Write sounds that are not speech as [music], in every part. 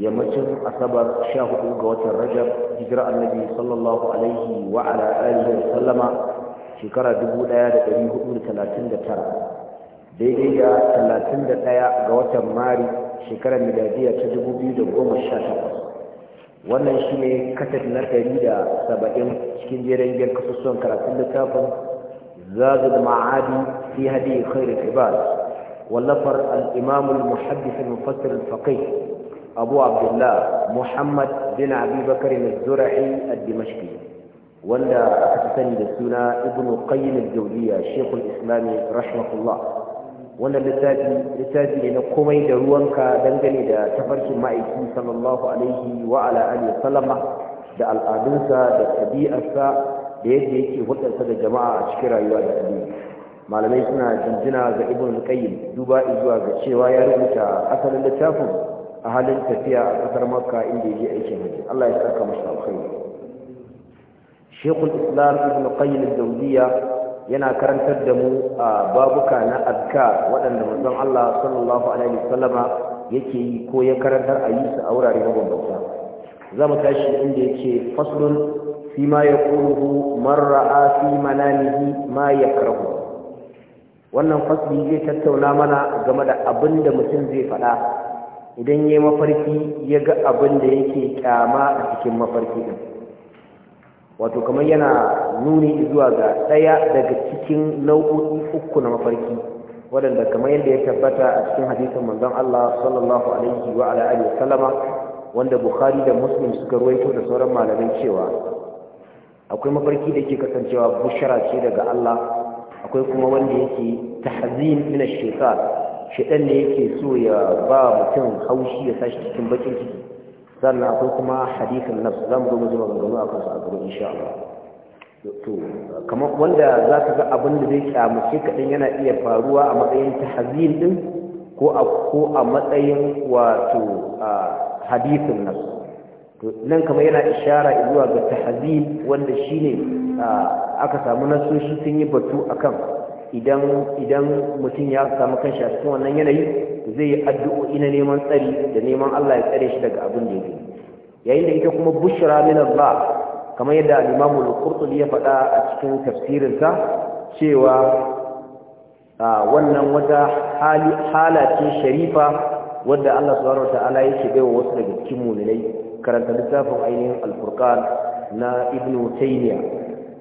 yammacin asabar hudu ga watan rajab hijira annabi sallallahu alaihi wa ala alihi wa sallama shekara 1439 daidai da 31 ga watan mari shekara miladiya ta 2018 wannan shi ne kasar na 170 cikin jerin gyar kasusuwan karatun littafin zazul ma'adi fi hadi khairul ibad wallafar al-imam al-muhaddith al-mufassir al-faqih أبو عبد الله محمد بن أبي بكر الزرعي الدمشقي وندى أحسن للسنة ابن قيم الجولية شيخ الإسلام رحمه الله وندى لساتي لنقومي دروانك دنجني دا تفرش مائكي صلى الله عليه وعلى آله وسلم دا الآدنسة دا تبيئة da yadda yake hulɗarsa da jama'a a cikin rayuwa da addini malamai suna jinjina ga ibn al-qayyim duba zuwa ga cewa ya rubuta asalin littafin a halin tafiya a ƙasar makka inda ya ji aikin hajji Allah ya saka masa alkhairi Sheikhul Islam Ibn Qayyim al-Jawziyya yana karantar da mu a babuka na azka waɗanda manzon Allah sallallahu alaihi wasallama yake yi ko ya karantar a yi su a wurare mabambanta za mu tashi inda yake faslun fi ma yaquluhu man ra'a fi manamihi ma wannan fasli zai tattauna mana game da abin da mutum zai faɗa idan ya mafarki ya ga abin da yake kyama a cikin mafarki din wato kamar yana nuni zuwa ga ɗaya daga cikin nau'o'i uku na mafarki waɗanda kamar yadda ya tabbata a cikin hadisin manzon Allah sallallahu alaihi wa ala alihi sallama wanda Bukhari da Muslim suka rawaito da sauran malamai cewa akwai mafarki da yake kasancewa bushara ce daga Allah akwai kuma wanda yake tahzin min ash-shaytan shaɗan ne yake so ya ba mutum haushi ya tashi cikin bakin ciki sannan akwai kuma hadithin nafs za mu zo mutum maganganu a kansu a gaba insha Allah to kamar wanda za ka ga abin da zai kyamuce kaɗan yana iya faruwa a matsayin tahzin ɗin, ko a matsayin wato hadithin nafs nan kamar yana ishara zuwa ga tahzin wanda shine aka samu nasoshi sun yi batu akan idan mutum ya samu kanshi a cikin wannan yanayi zai yi addu'o'i na neman tsari da neman Allah ya tsare shi daga abin da yake yayin da ita kuma bushra min Allah kamar yadda al-Imam al-Qurtubi ya faɗa a cikin tafsirinsa cewa wannan wata hala ce sharifa wadda Allah subhanahu wataala yake wa wasu daga cikin mu'minai karanta littafin ainihin al-Furqan na Ibn Taymiyyah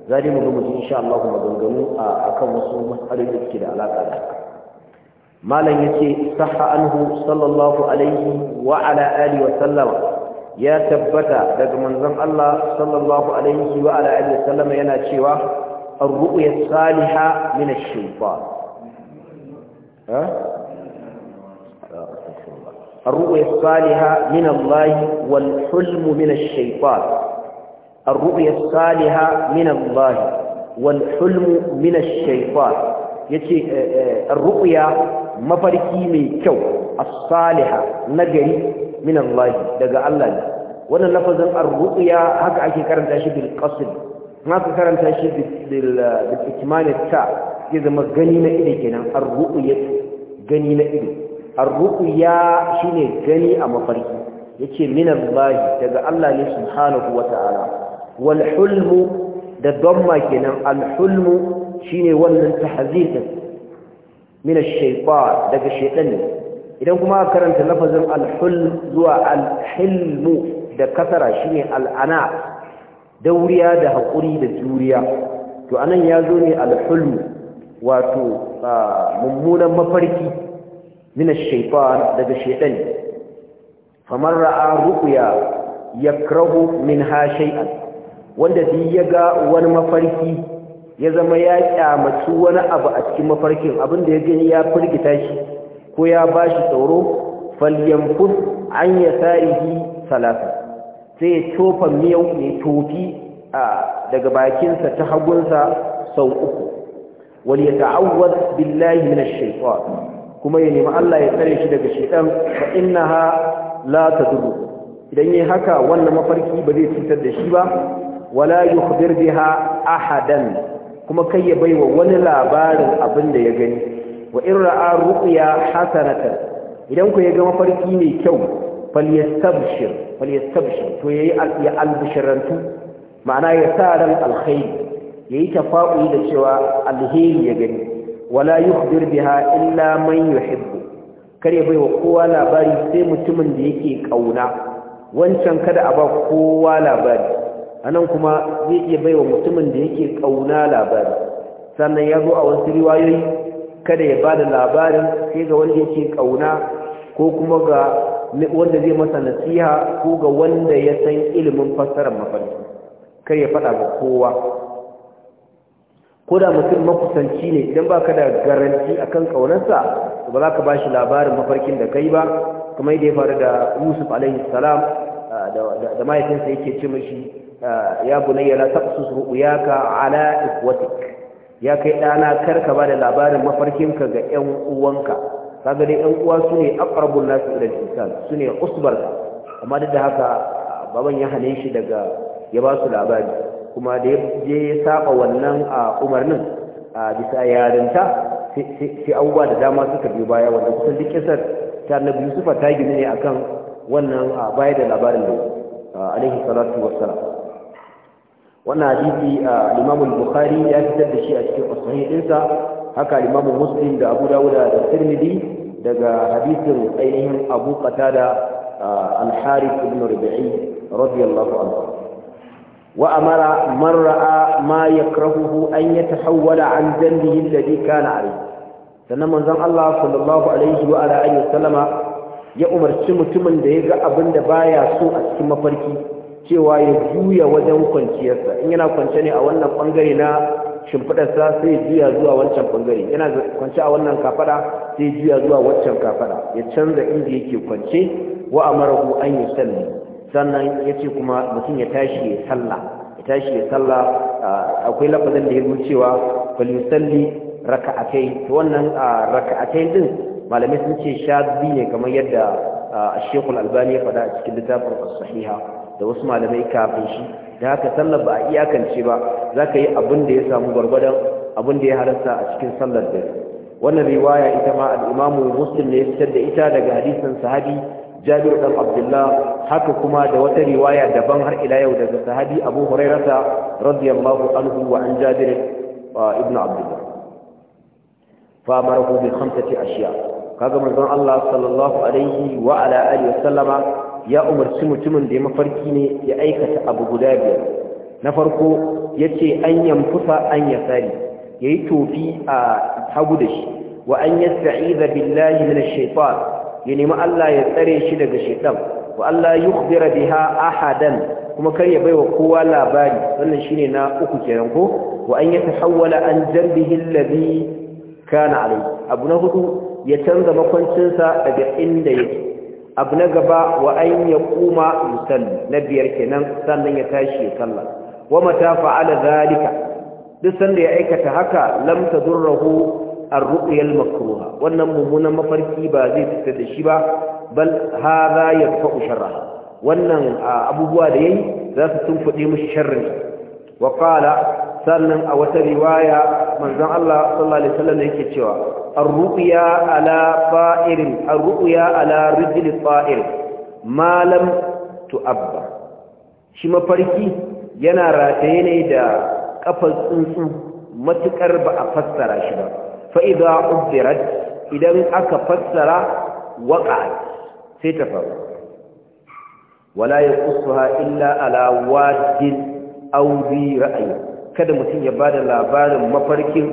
za mu ga mutum insha Allah maganganu a kan wasu matsalolin da suke da alaƙa da haka malam yace sahha anhu sallallahu alaihi wa ala alihi wa sallama ya tabbata daga manzon Allah sallallahu alaihi wa ala alihi wa sallama yana cewa ar-ru'ya salihah min ash-shaytan ha الرؤيا الصالحة من الله والحلم من الشيطان الرؤيا الصالحة من الله والحلم من الشيطان يتي الرؤيا مفركي من كو الصالحة نجري من الله دقى الله وانا لفظا الرؤيا هكا عشي كرم تأشي بالقصد هكا كرم تأشي بالإتمان التاء إذا ما قنينا إليكنا الرؤية قنينا إلي الرؤيا شيني قني أمفركي يتي من الله دقى الله سبحانه وتعالى والحلم ده ضمه كده الحلم shine wannan tahzir من الشيطان daga shaytan idan kuma karanta lafazin al-hulm zuwa al-hilm da kasara shine al-ana dauriya da hakuri da juriya to anan yazo ne al-hulm wato mummunan mafarki min ash-shaytan daga shaytan faman ra'a ru'ya yakrahu minha shay'an wanda duk ya ga wani mafarki ya zama ya kyamatu wani abu a cikin mafarkin abinda ya gani ya firgita shi ko ya ba shi tsoro falyanfus an ya sa'ihi salasa sai ya tofa miyau ne tofi daga bakinsa ta hagunsa sau uku wani ya ta'awar billahi na shaitan kuma ya nemi Allah ya tsare shi daga shaitan fa ha la tadur idan yayi haka wannan mafarki ba zai cutar da shi ba wala yukhbir biha ahadan kuma kai ya baiwa wani labarin abin da ya gani wa in ra'a ru'ya hasanatan idan ku ya ga mafarki mai kyau falyastabshir falyastabshir to yayi ya albishirantu ma'ana ya sa ran alkhair yayi tafa'uli da cewa alheri ya gani wala yukhbir biha illa man yuhibbu kar ya baiwa kowa labari sai mutumin da yake kauna wancan kada a ba kowa labari anan kuma zai iya baiwa mutumin da yake kauna labari sannan ya zo a wasu riwayoyi kada ya ba da labarin sai ga wanda yake kauna ko kuma ga wanda zai masa nasiha ko ga wanda ya san ilimin fassarar mafarki kar ya faɗa ga kowa ko da mutum makusanci ne idan ba ka da garanti a kan ƙaunarsa ba za ka ba shi labarin mafarkin da kai ba kamar da ya faru da yusuf alaihi salam da mahaifinsa yake ce mashi ya bunayya la taqsus ru'yaka ala ikhwatik ya kai dana karka ba da labarin mafarkin ka ga ƴan uwanka kaga dai ƴan uwa sune aqrabun nas ila al-insan sune usbar amma duk da haka baban ya hane shi daga ya ba su labari kuma da je ya saba wannan umarnin a bisa yarinta sai abubuwa da dama suka biyu baya wanda kusan duk kisar ta yusufa ta gini ne akan wannan baya da labarin da alaihi salatu wassalam wannan hadisi a Imam Bukhari ya fitar da shi a cikin sahih ɗinsa haka Limamin Muslim da Abu Dawud da Tirmidhi daga hadisin ainihin Abu Qatada Al-Harith ibn Rabi'i radiyallahu anhu wa amara man ra'a ma yakrahuhu an yatahawwala an dhanbihi alladhi kana alayhi sannan manzon Allah sallallahu alaihi wa alihi wasallama ya umarci mutumin da ya ga abin da baya so a cikin mafarki cewa ya juya wajen kwanciyarsa in yana kwance ne a wannan bangare na shimfiɗarsa sai juya zuwa wancan bangare yana kwance a wannan kafada sai juya zuwa wancan kafada ya canza inda yake kwance wa amarahu an yi salli sannan ya ce kuma mutum ya tashi ya salla ya tashi ya salla akwai lafazin da ya zo cewa falisalli raka'atai to wannan raka'atai din malamai sun ce sha biyu ne kamar yadda shekul albani ya faɗa a cikin littafin sahiha da wasu malamai kafin shi da haka sallar ba a iyakance ba za ka yi abin da ya samu gwargwadon abin da ya halarta a cikin sallar da wannan riwaya ita ma al'imamu muslim ne ya fitar da ita daga hadisin sahabi jabir dan abdullah haka kuma da wata riwaya daban har ila yau daga sahabi abu hurairata radiyallahu anhu wa an jabir ibn abdullah fa marahu bi khamsati ashiya kaga manzon Allah sallallahu alaihi wa ala alihi wa sallama ya umarci mutumin da ya mafarki ne ya aikata abu guda biyar na farko ya ce an yamfusa an ya tsari ya yi tofi a hagu da shi wa an ya billahi na shaitan ya nemi Allah ya tsare shi daga shaitan wa Allah yukhbira biha ahadan kuma kar ya baiwa kowa labari wannan shine na uku kenan ko wa an yatahawwala an jambihi alladhi kana alayhi abu na hudu ya canza makwancinsa daga inda yake abu na gaba wa an ya kuma yusalli na biyar kenan sannan ya tashi ya sallah wa mata fa'ala zalika duk sanda ya aikata haka lam tadurruhu ar-ru'yal makruha wannan mummunan mafarki ba zai fita da shi ba bal hadha yadfa'u sharraha wannan abubuwa da yayi za su tunfuɗe mushi sharri wa qala sannan a wata riwaya manzon Allah sallallahu alaihi wasallam yake cewa ar-ruqya ala fa'irin ar-ruqya ala rijli fa'ir Malam tu'abba shi mafarki yana rataye ne da ƙafar tsuntsu matuƙar ba a fassara shi ba fa ubirat idan aka fassara waƙa sai ta faru wala yaqussuha illa ala wadin aw bi kada mutum ya ba da labarin mafarkin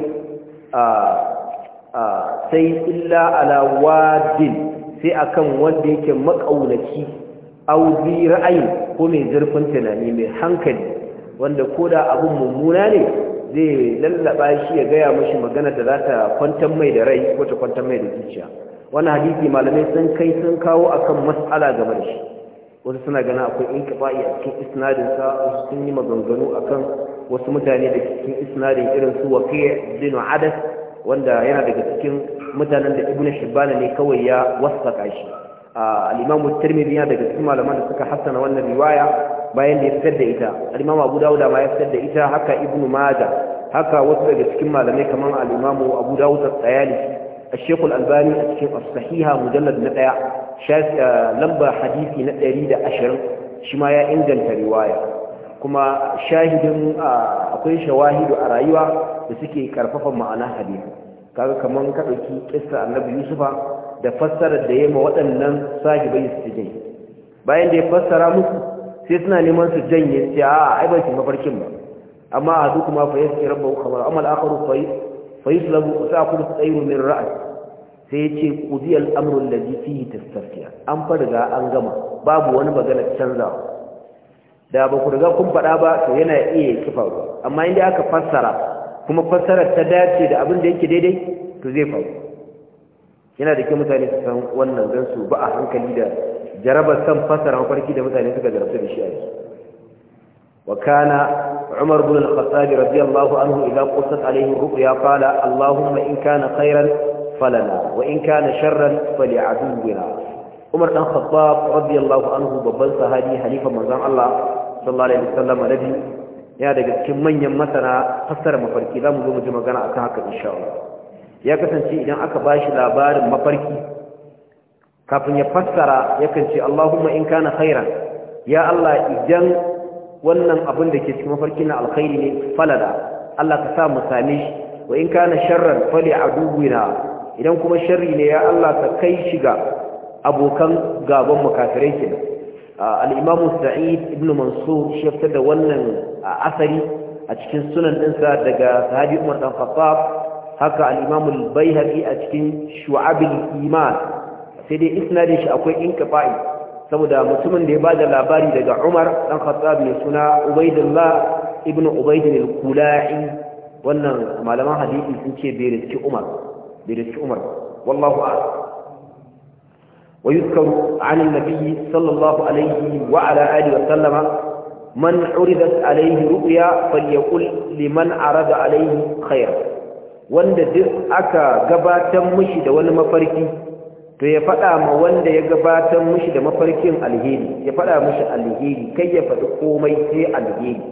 sai illa ala wadin sai akan wanda yake makaunaki auzi ra'ayi ko mai zurfin tunani mai hankali wanda ko da abun mummuna ne zai lallaba shi ya gaya mashi magana da za ta kwantar mai da rai ko ta kwantar mai da zuciya wani hadisi malamai sun kai sun kawo akan mas'ala game da shi wasu suna ganin akwai in kifa'i a cikin sa wasu sun yi maganganu kan wasu mutane da cikin isnadin irin su waqi'i bin adas wanda yana daga cikin mutanen da Ibn shibbana ne kawai ya wasaka shi al-imam tirmidhi yana daga cikin malaman da suka hassana wannan riwaya bayan da ya fitar da ita al-imam abu dawud ma ya fitar da ita haka Ibn maja haka wasu daga cikin malamai kamar al-imam abu dawud at-tayalisi الشيخ الألباني الشيخ الصحيحة مجلد نتايا لمبا حديثي نتاري دا أشر شمايا إنجل رواية كما شاهد أقول شواهد أرايوة بسكي كرففا معنا حديث kaga kaman ka dauki kissa annabi Yusufa da fassarar da yayin waɗannan sahibai su jin bayan da ya fassara musu sai suna neman su janye sai a ai ba su mafarkin amma a amal akharu fa yuslabu sa kullu tsayrun min ra's sai yace qudiyal amru alladhi fihi tastafiya an farga an gama babu wani magana canzawa da ba ku riga kun faɗa ba to yana iya kifaru. amma inda aka fassara kuma fassarar ta dace da abin da yake daidai to zai faru yana da ke mutane su san wannan don su ba a hankali da jarabar san fassara mafarki da mutane suka jarabta da shi a wa kana عمر بن الخطاب رضي الله عنه إذا قصت عليه الرؤيا قال اللهم إن كان خيرا فلنا وإن كان شرا فلعدونا عمر بن الخطاب رضي الله عنه ببن صحابي حليفة منزان الله صلى الله عليه وسلم الذي ya daga cikin manyan masana fassara mafarki za mu zo mu ji magana akan haka insha ya kasance idan aka ba shi labarin mafarki kafin ya fassara kan ce Allahumma in kana khairan ya Allah idan wannan abin da ke cikin mafarki na alkhairi ne falala Allah ka sa mu sami shi wa in kana sharran fali aduwina idan kuma sharri ne ya Allah ka kai shi ga abokan gaban mu kafirai al-imamu sa'id ibn mansur shi da wannan asari a cikin sunan ɗinsa daga sahabi Umar dan Khattab haka al-Imam al-Baihaqi a cikin shu'abil iman sai dai isnadin shi akwai inqifa'i saboda mutumin da ya bada labari daga Umar dan Khattab ne suna Ubaidullah ibn Ubayd al-Kula'i wannan malaman hadisi sun ce bai riski Umar bai riski Umar wallahu a'lam wa yuzkaru 'an an sallallahu alaihi wa ala alihi wa sallama man 'uridat alayhi ru'ya falyaqul liman 'arada alaihi khayr wanda duk aka gabatar mishi da wani mafarki to ya faɗa ma wanda ya gabatar mushi da mafarkin alheri ya faɗa mushi alheri kai ya faɗi komai sai alheri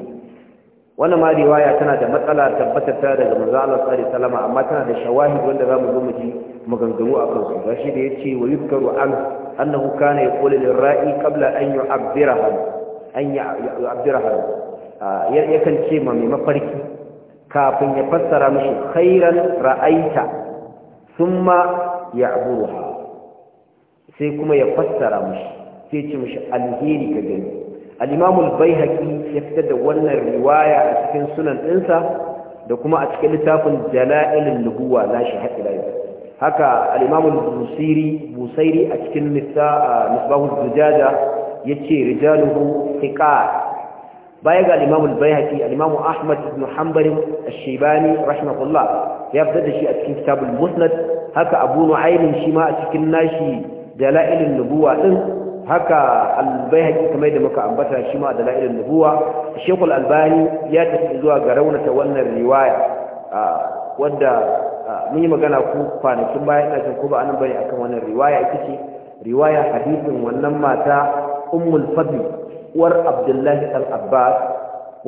wannan ma riwaya tana da matsala tabbatar ta daga manzo Allah sallallahu alaihi wasallam amma tana da shawahid wanda zamu zo mu ji maganganu a kan su gashi da yace wa yukaru an annahu kana yaqulu lirra'i qabla an yu'abbiraha an yu'abbiraha yakan ce ma mai mafarki kafin ya fassara mushi, khairan ra'aita thumma ya'buruha sai kuma ya fassara mushi sai ce mushi alheri ka gani alimamul bai haƙi ya fita da wannan riwaya a cikin sunan ɗinsa da kuma a cikin littafin jala'ilin nubuwa na shi haƙi rayu haka alimamul busairi a cikin misbahu zujaja ya ce rijaluhu thiqat baya ga al-imamu al-baihaqi ahmad ibn hanbal ash rahimahullah ya fita da shi a cikin kitabul musnad haka abu nu'aym shi ma a cikin nashi dalailin nubuwa din haka albayhaqi kamar da muka ambata shi ma dalailin nubuwa shekul albani ya tafi zuwa ga raunata wannan riwaya wadda mun yi magana ku kwanakin baya ina jin ko ba anan bane akan wannan riwaya ita ce riwaya hadisin wannan mata ummul fadl uwar abdullahi al abbas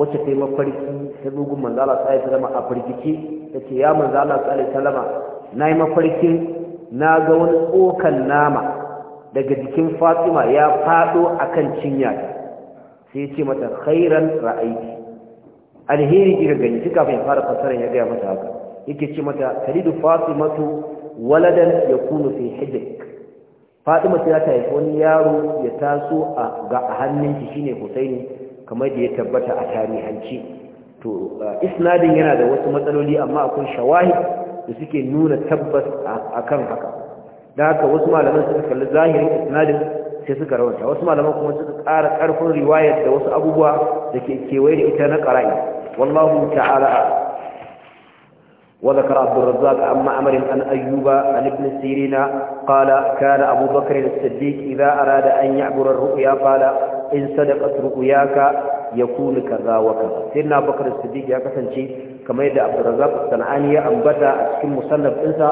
wacce ta yi mafarki ta dogon manzala tsaye ta zama a firgice ta ce ya manzala tsaye ta lama na yi mafarkin na ga wani tsokan nama daga jikin fatima ya fado akan cinya sai ce mata khairan ra'aiti alheri kika gani kika fa fara fasara ya gaya mata haka yake ce mata talidu fatimatu waladan yakunu fi hijrik fatima ta ta haifi wani yaro ya taso a ga hannun hannunki shine husaini kamar da ya tabbata a tarihanci to uh, isnadin yana da wasu matsaloli amma akwai shawahid da suke nuna tabbas akan haka da haka wasu malaman suka kalli zahirin isnadin sai suka rawanta wasu malaman kuma suka ƙara ƙarfin riwayar da wasu abubuwa da ke kewaye da ita na ƙara'i wallahu ta'ala wa zakara abdur razzaq amma amrin an ayyuba an ibn sirina qala kana abu bakr as-siddiq idha arada an ya'bura ruya qala in sadaqat ru'yaka yakun kaza wa kaza sirina bakr as-siddiq ya kasance kamar da abdur razzaq sanani ya ambata a cikin musannaf ɗinsa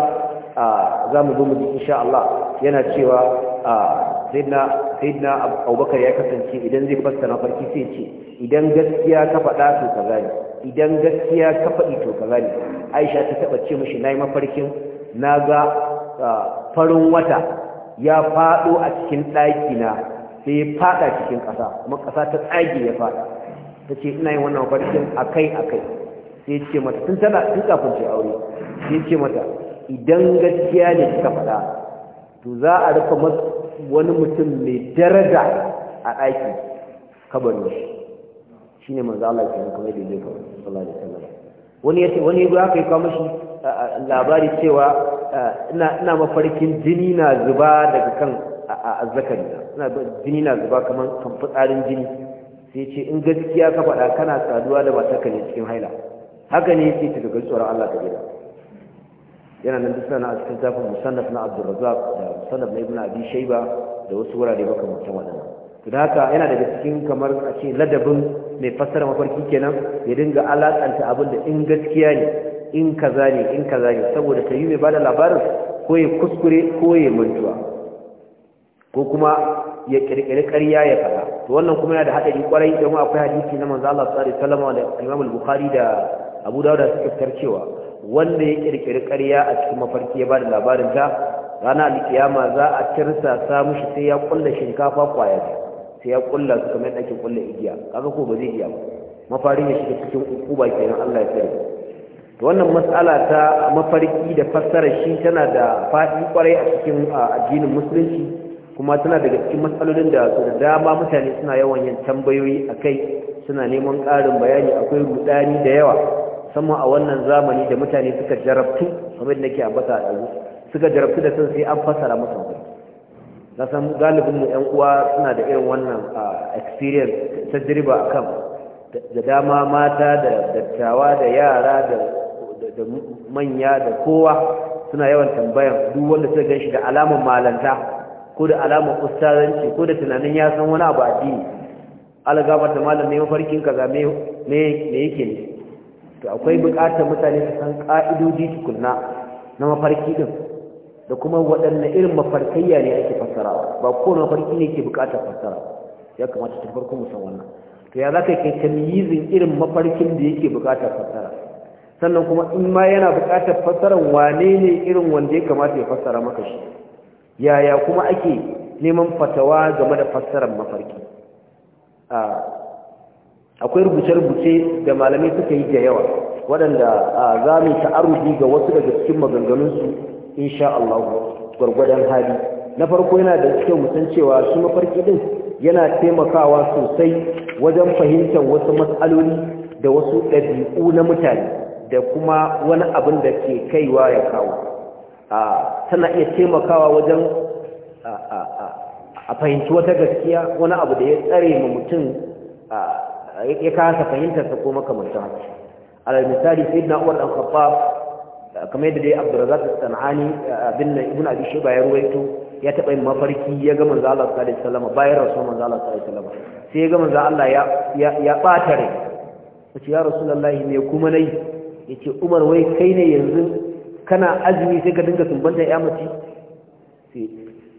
za mu zo mu ji insha Allah yana cewa sayyidina Abubakar ya kasance idan zai na farki sai ce idan gaskiya ka faɗa to ka ne idan gaskiya ka faɗi to ka ne Aisha ta taɓa ce na yi mafarkin na ga farin wata ya faɗo a cikin ɗaki na sai ya cikin ƙasa kuma ƙasa ta tsage ya faɗa. ta ce ina yin wannan farkin akai akai sai ce mata tun tana tun kafin ce aure sai ce mata idan gaskiya ne suka faɗa to za a rufe wani mutum mai daraja a ɗaki kabarin shi shi ne manzo Allah ke kuma da zai kawo sallallahu alaihi wasallam wani yace wani ya kai kawo mashi labari cewa ina ina mafarkin jini na zuba daga kan azzakari ina jini na zuba kaman kan fitsarin jini sai ce in gaskiya ka faɗa kana saduwa da matarka ne cikin haila haka ne yake ta ga tsoron Allah ka gida yana nan bisa a cikin tafin musannaf na abdurrazzaq da musannaf na ibn abi shayba da wasu wurare mutum wadana to da haka yana daga cikin kamar a ce ladabin mai fassara mafarki kenan ya dinga alakanta abin da in gaskiya ne in kaza ne in kaza ne saboda ta yi mai bada labarin ko ya kuskure ko ya mantuwa ko kuma ya kirkiri ƙarya ya fada to wannan kuma yana da haɗari ƙwarai don akwai hadisi na manzo Allah sallallahu alaihi wasallam da Imam bukhari da Abu Dawud suka fitar wanda ya kirkiri ƙarya a cikin mafarki ya ba da labarin ta rana alkiyama za a tirsa sa mushi sai ya kulla shinkafa kwaya sai ya kulla su kamar yadda ake kulla igiya kaga ko ba zai iya ba mafarin ya shiga cikin ukuba kenan Allah ya tsare to wannan mas'ala ta mafarki da fassara shi tana da faɗi kwarai a cikin addinin musulunci kuma tana daga cikin matsalolin da su da dama mutane suna yawan yin tambayoyi akai suna neman ƙarin bayani akwai rudani da yawa sama a wannan zamani da mutane suka jarabtu kamar da nake ambata a ɗazu suka jarabtu da sun sai an fassara musu wani na san galibin mu ƴan uwa suna da irin wannan experience ta jirba a kan da dama mata da dattawa da yara da manya da kowa suna yawan tambayan duk wanda suka gan shi da alamar malanta ko da alamar ustazanci ko da tunanin ya san wani abu addini gabar da malam mafarkin kaza me yake ne to akwai buƙatar mutane su san ƙa'idodi tukunna na mafarki din da kuma waɗanne irin mafarkayya ne ake fassarawa ba kowane mafarki ne ke buƙatar fassara ya kamata tun farko mu wannan to ya za ka kai tamyizin irin mafarkin da yake buƙatar fassara sannan kuma in ma yana buƙatar fassara wane ne irin wanda ya kamata ya fassara maka shi yaya kuma ake neman fatawa game da fassarar mafarki ah, akwai rubuce-rubuce da malamai suka yi da yawa waɗanda za mu ta'arrufi ga wasu daga cikin maganganunsu insha Allah gwargwadon hali na farko yana da cikin mutan cewa su mafarki din yana taimakawa sosai wajen fahimtar wasu matsaloli da wasu ɗabi'u na mutane da kuma wani abin da ke kaiwa ya kawo tana iya taimakawa wajen a fahimci wata gaskiya wani abu da ya tsare ma mutum ya kasa fahimtar sa ko makamantan haka alal misali sayyidina Umar dan Khattab kamar yadda dai Abdurrazzaq as-Sanani bin Ibn Abi Shayba ya ruwaito ya taba yin mafarki ya ga manzo Allah sallallahu alaihi wasallam bayan rasul manzo Allah sallallahu alaihi wasallam sai ya ga manzo Allah ya ya bata rai sai ya rasulullahi me kuma nayi yace Umar wai kai ne yanzu kana azumi sai ka dinga sumbanta ya mace sai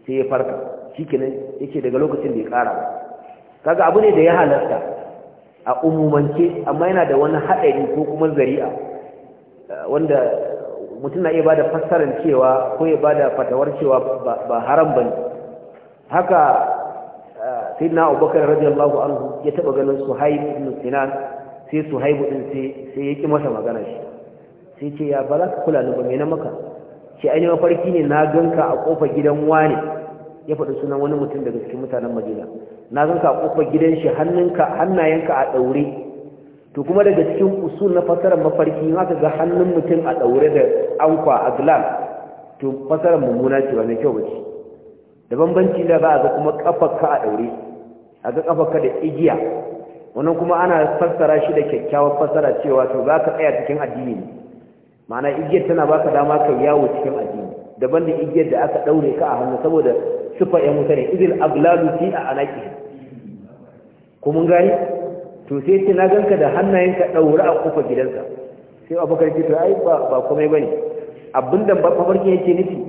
sai ya farka shikenan yake daga lokacin da ya kara kaga abu ne da ya halarta a umumance amma yana da wani haɗari ko kuma zari'a wanda mutum na iya ba da fassarar cewa ko ya ba da fatawar cewa ba haram ba ne haka eh, sai na abubakar radiyallahu anhu ya taɓa ganin haibu ɗin sinan sai su haibu ɗin sai ya ƙi masa magana shi sai ce ya ba za ka kula ni ba mai na maka ce ainihin mafarki ne na ganka a ƙofar gidan wani ya faɗi sunan wani mutum daga cikin mutanen madina na zan ka kofar gidan shi hannunka hannayenka a ɗaure to kuma daga cikin usul na fasarar mafarki in ka ga hannun mutum a ɗaure da ankwa a glam to fasarar mummuna ce ba mai kyau ba ce da bambanci da za a ga kuma kafarka a ɗaure a ga kafarka da igiya wannan kuma ana fassara shi da kyakkyawar fassara cewa to za ka tsaya cikin addini ne ma'ana igiyar tana baka dama ka yawo cikin addini daban da igiyar da aka ɗaure ka a hannu saboda tufa ya mutane idil aglalu fi a anaki kuma mun gani to sai ce na ganka da hannayenka daura a kofar gidansa sai bakar ce to ai ba ba komai bane abinda ba farkin yake nufi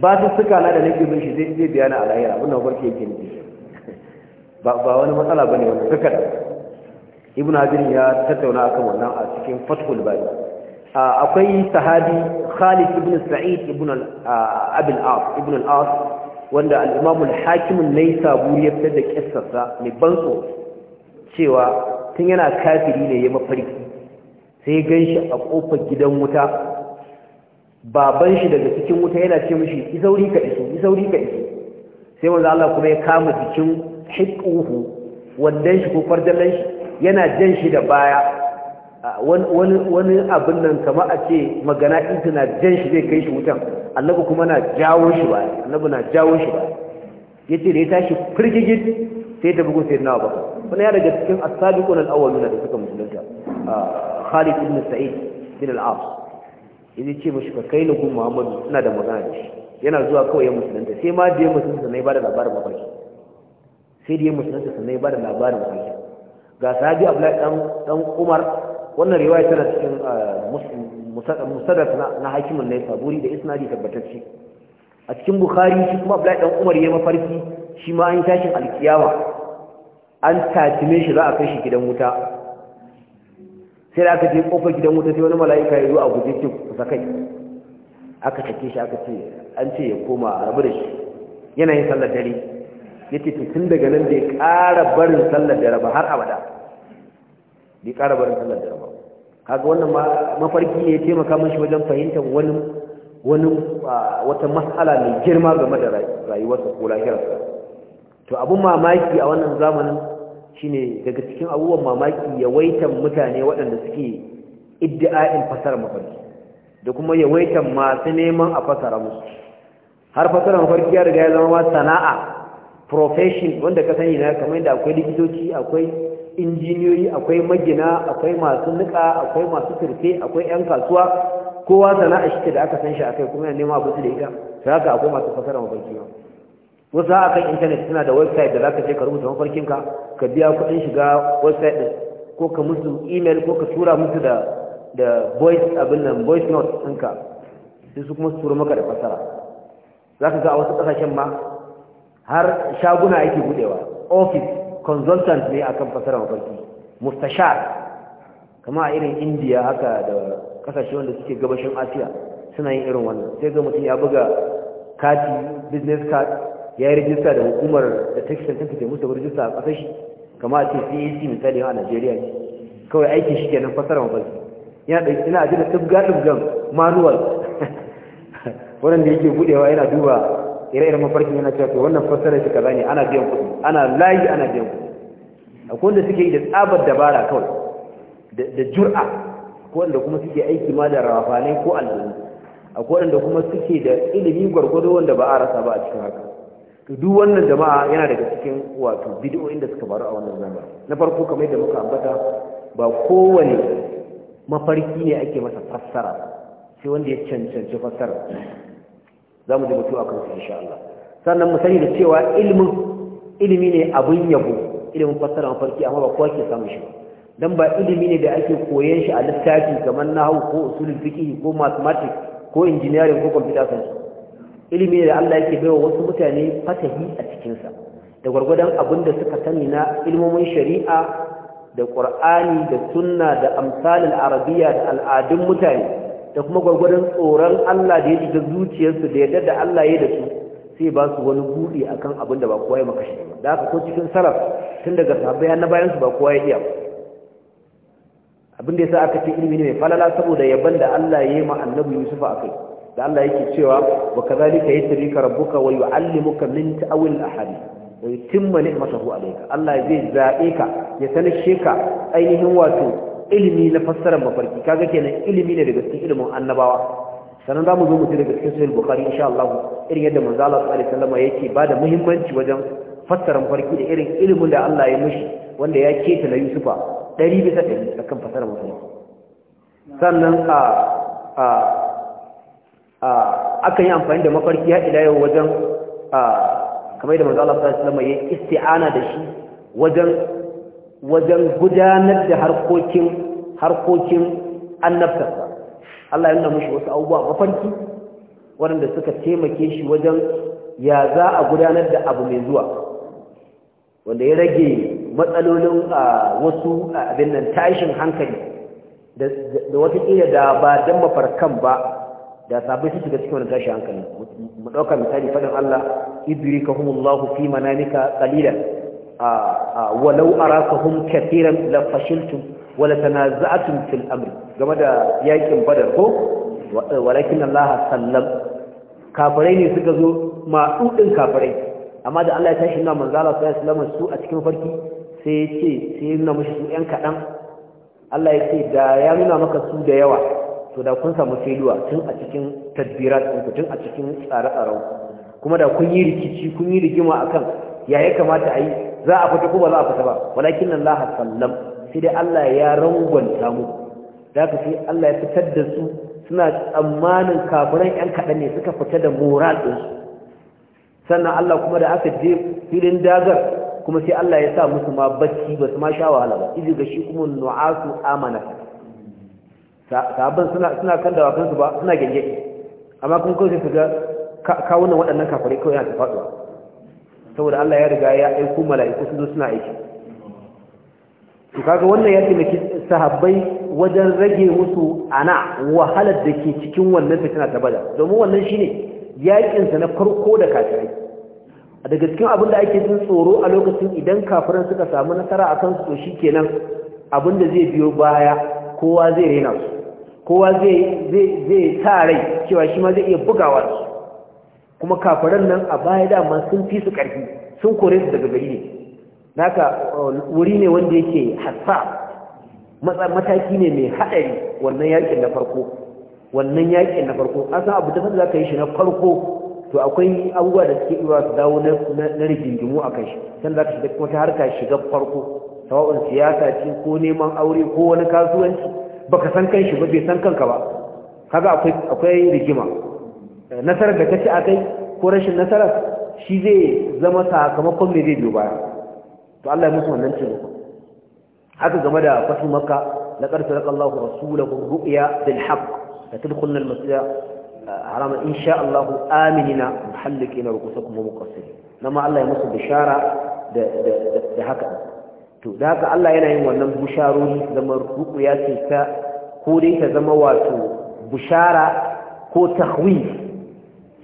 ba su suka na da nake bin shi zai zai biya na alayya abinda ba farkin yake nufi ba ba wani matsala bane wannan suka ibn hajar ya tattauna akan wannan a cikin fathul bari akwai sahabi khalid ibn sa'id ibn al-abil as ibn al-as wanda al hakimin na yi an ya fitar da kissarsa mai ban cewa tun yana kafiri ne ya mafarki sai ganshi a ƙofar gidan wuta baban shi daga cikin wuta yana ce mashi isauri ka iso isauri ka iso sai wanda Allah kuma ya kama jikin haƙƙuhu wandan shi ko fardalan shi yana jan shi da baya wani abin nan kama a ce magana na jan shi zai kai shi wutan annabi kuma na jawo shi ba annabi na jawo shi ba yace da ya tashi firgigin sai da bugun sayyidina abubakar kuma ya daga cikin as-sabiqun al-awwalun da suka musulunta ah, Khalid ibn Sa'id bin al-As yace ce mushi ka kai lugu Muhammad ina da magana da shi yana zuwa kawai ya musulunta sai ma da ya musulunta ne ba da labarin ba sai da ya musulunta sannan ba da labarin ba ga sahabi Abdullah dan dan Umar wannan riwaya tana cikin ah, Muslim musadat na hakimin na buri da isnadi tabbatacce a cikin bukhari shi kuma abdullahi dan umar ya mafarki shi ma an tashin alkiyawa. an tatime shi za a kai shi gidan wuta sai da aka je kofar gidan wuta sai wani mala'ika ya zo a guje ce kusa kai aka take shi aka ce an ce ya koma a rabu da shi yana yin sallar dare yace ce tun daga nan bai ƙara barin sallar dare ba har abada bai ƙara barin sallar dare ba kaga wannan mafarki ne ya taimaka mashi wajen fahimtar wani wani wata matsala mai girma game da rayuwarsa ko lahirarsa to abin mamaki a wannan zamanin shine daga cikin abubuwan mamaki yawaitan mutane waɗanda suke iddia'in fasara mafarki da kuma yawaitan masu neman a fasara musu har fasara mafarki ya riga ya zama sana'a profession wanda ka sani na kamar da akwai likitoci akwai injiniyoyi akwai magina akwai masu nika akwai masu turke akwai 'yan kasuwa kowa sana'a shi da aka san shi akai kuma yana nema abinci da ita sai ga akwai masu fasara mafarki ba wasu akan intanet suna da website da zaka je ka rubuta mafarkinka ka biya kuɗin shiga website din ko ka musu email ko ka tura musu da da voice abin nan voice note ɗinka sai su kuma su tura maka da fasara zaka ga a wasu ƙasashen ma har shaguna ake buɗewa office consultant ne akan fasara mafarki mustashar kama a irin indiya haka da kasashe wanda suke gabashin asiya suna yin irin wannan sai ga mutum ya buga kati business card ya yi rijista da hukumar da taxation ta fita musu rijista a kasashe kama a ce cac misali a nigeria ne kawai aikin shi kenan fasara mafarki yana da ina ajiyar tubga manual [laughs] wadanda yake budewa yana duba ire-iren mafarkin yana cewa to wannan fassarar shi kaza ne ana biyan kuɗi ana layi ana biyan kuɗi akwai wanda suke yi da tsabar dabara kawai da jur'a ko wanda kuma suke aiki ma da rafanai ko aljanna akwai wanda kuma suke da ilimi gwargwado wanda ba a rasa ba a cikin haka to duk wannan jama'a yana daga cikin wato bid'o'in da suka faru a wannan zamanin na farko kamar yadda muka ambata ba kowane mafarki ne ake masa fassara sai wanda ya cancanci fassara za mu ji mutu a kansu insha Allah sannan mu sani da cewa ilimin ilimi ne abin yabo ilimin fassara mafarki amma ba kowa ke samun shi ba dan ba ilimi ne da ake koyon shi a littafi kamar hau ko usulin fiqh ko mathematics ko engineering ko computer science ilimi ne da Allah yake wa wasu mutane fatahi a cikin sa da gwargwadon abin da suka sani na ilmomin shari'a da ƙur'ani da sunna da amsalin arabiyya da al'adun mutane da kuma gwargwadon tsoron Allah da ya da zuciyarsu da yadda da Allah ya da su sai ba su wani buɗe akan abin da ba kowa ya maka shi da aka ko cikin sarar tun daga sabbaya na bayansu ba kowa ya iya abin da ya sa aka ce ilimi ne mai falala saboda yaban da Allah ya yi ma annabi a kai. da Allah yake cewa ka ka. wa kadhalika ka minti wa yu'allimuka min ta'wil ahadi wa masahu ni'matahu alayka Allah zai zaɓe ka ya sanashe ka ainihin wato ilimi na fassarar mafarki kaga kenan ilimi ne daga cikin ilimin annabawa sannan za mu zo mutu daga cikin sahih bukhari insha Allah irin yadda manzo Allah sallallahu alaihi wasallam yake da muhimmanci wajen fassara mafarki da irin ilimin da Allah ya mishi wanda ya ce ta na Yusufa 100 bisa 100 akan fassarar mafarki sannan a a a akan yi amfani da mafarki har ila yau wajen a kamar yadda manzo Allah sallallahu alaihi wasallam ya isti'ana da shi wajen wajen gudanar da harkokin harkokin annabtarsa Allah ya nuna mushi wasu abubuwa mafarki waɗanda suka taimake shi wajen ya za a gudanar da abu mai zuwa wanda ya rage matsalolin a wasu abin nan tashin hankali da watakila da ba don mafarkan ba da sabai su shiga cikin wani tashin hankali mu ɗauka misali faɗin Allah idrikahumullahu fi manamika qalilan walau arakahum kafiran la fashiltum wala tanaza'tum fil amr game da yakin badar ko walakin Allah sallam kafirai ne suka zo ma dudin kafirai amma da Allah ya tashi na manzo Allah sallallahu alaihi su a cikin farki sai ya ce sai na mushi su yan kaɗan. Allah ya ce da ya nuna maka su da yawa to da kun samu filuwa tun a cikin tadbirat ku tun a cikin tsare-tsaren kuma da kun yi rikici kun yi rigima akan ya ya kamata a yi za a fita ko ba za a fita ba walakin Allah sallam sai dai Allah ya rangwanta mu da ka sai Allah ya fitar da su suna tsammanin kafiran yan kaɗan ne suka fita da moral su sannan Allah kuma da aka je filin dagar kuma sai Allah ya sa musu ma bacci ba su ma sha wahala ba idan ga shi kuma nu'asu amana sabon suna suna kan da wakansu ba suna gengeki amma kun kawai sai su ga kawunan waɗannan kafirai kawai yana ta faɗuwa saboda Allah ya riga ya aiko mala'iku su zo suna aiki to kaga wannan ya taimaki sahabbai wajen rage musu ana wahalar da ke cikin wannan fitina ta bada domin wannan shine yakin sa na farko da kafirai daga cikin abin da ake jin tsoro a lokacin idan kafiran suka samu nasara akan su to shikenan abin zai biyo baya kowa zai rena su kowa zai zai zai sa rai cewa shi ma zai iya bugawa su kuma kafaran nan a baya dama sun fi su ƙarfi sun kore su daga gari ne naka uh, wuri ne wanda yake hassa mataki ne mai haɗari wannan yakin na farko wannan yakin na farko an san abu da za ka yi shi na farko to akwai abubuwa da suke iya su dawo na rigingimu a kai shi can za ka shiga kuma ta harka shiga farko sawa'un siyasa ce ko neman aure ko wani kasuwanci baka san kan ba bai san kanka ba kaga akwai rigima nasarar da ta ci a kai ko rashin nasarar shi zai zama sakamakon mai zai biyo baya to Allah ya musu wannan taimako haka game da fatu makka laqad sadaqa Allahu rasulahu ru'ya bil haqq latadkhulna al masjid ah, harama insha Allah aminina muhallikina rukusakum wa muqassirin nama Allah ya musu bishara da haka to da haka Allah yana yin wannan bisharori zama ru'ya ce ta ko dai ta zama wato bishara ko tahwif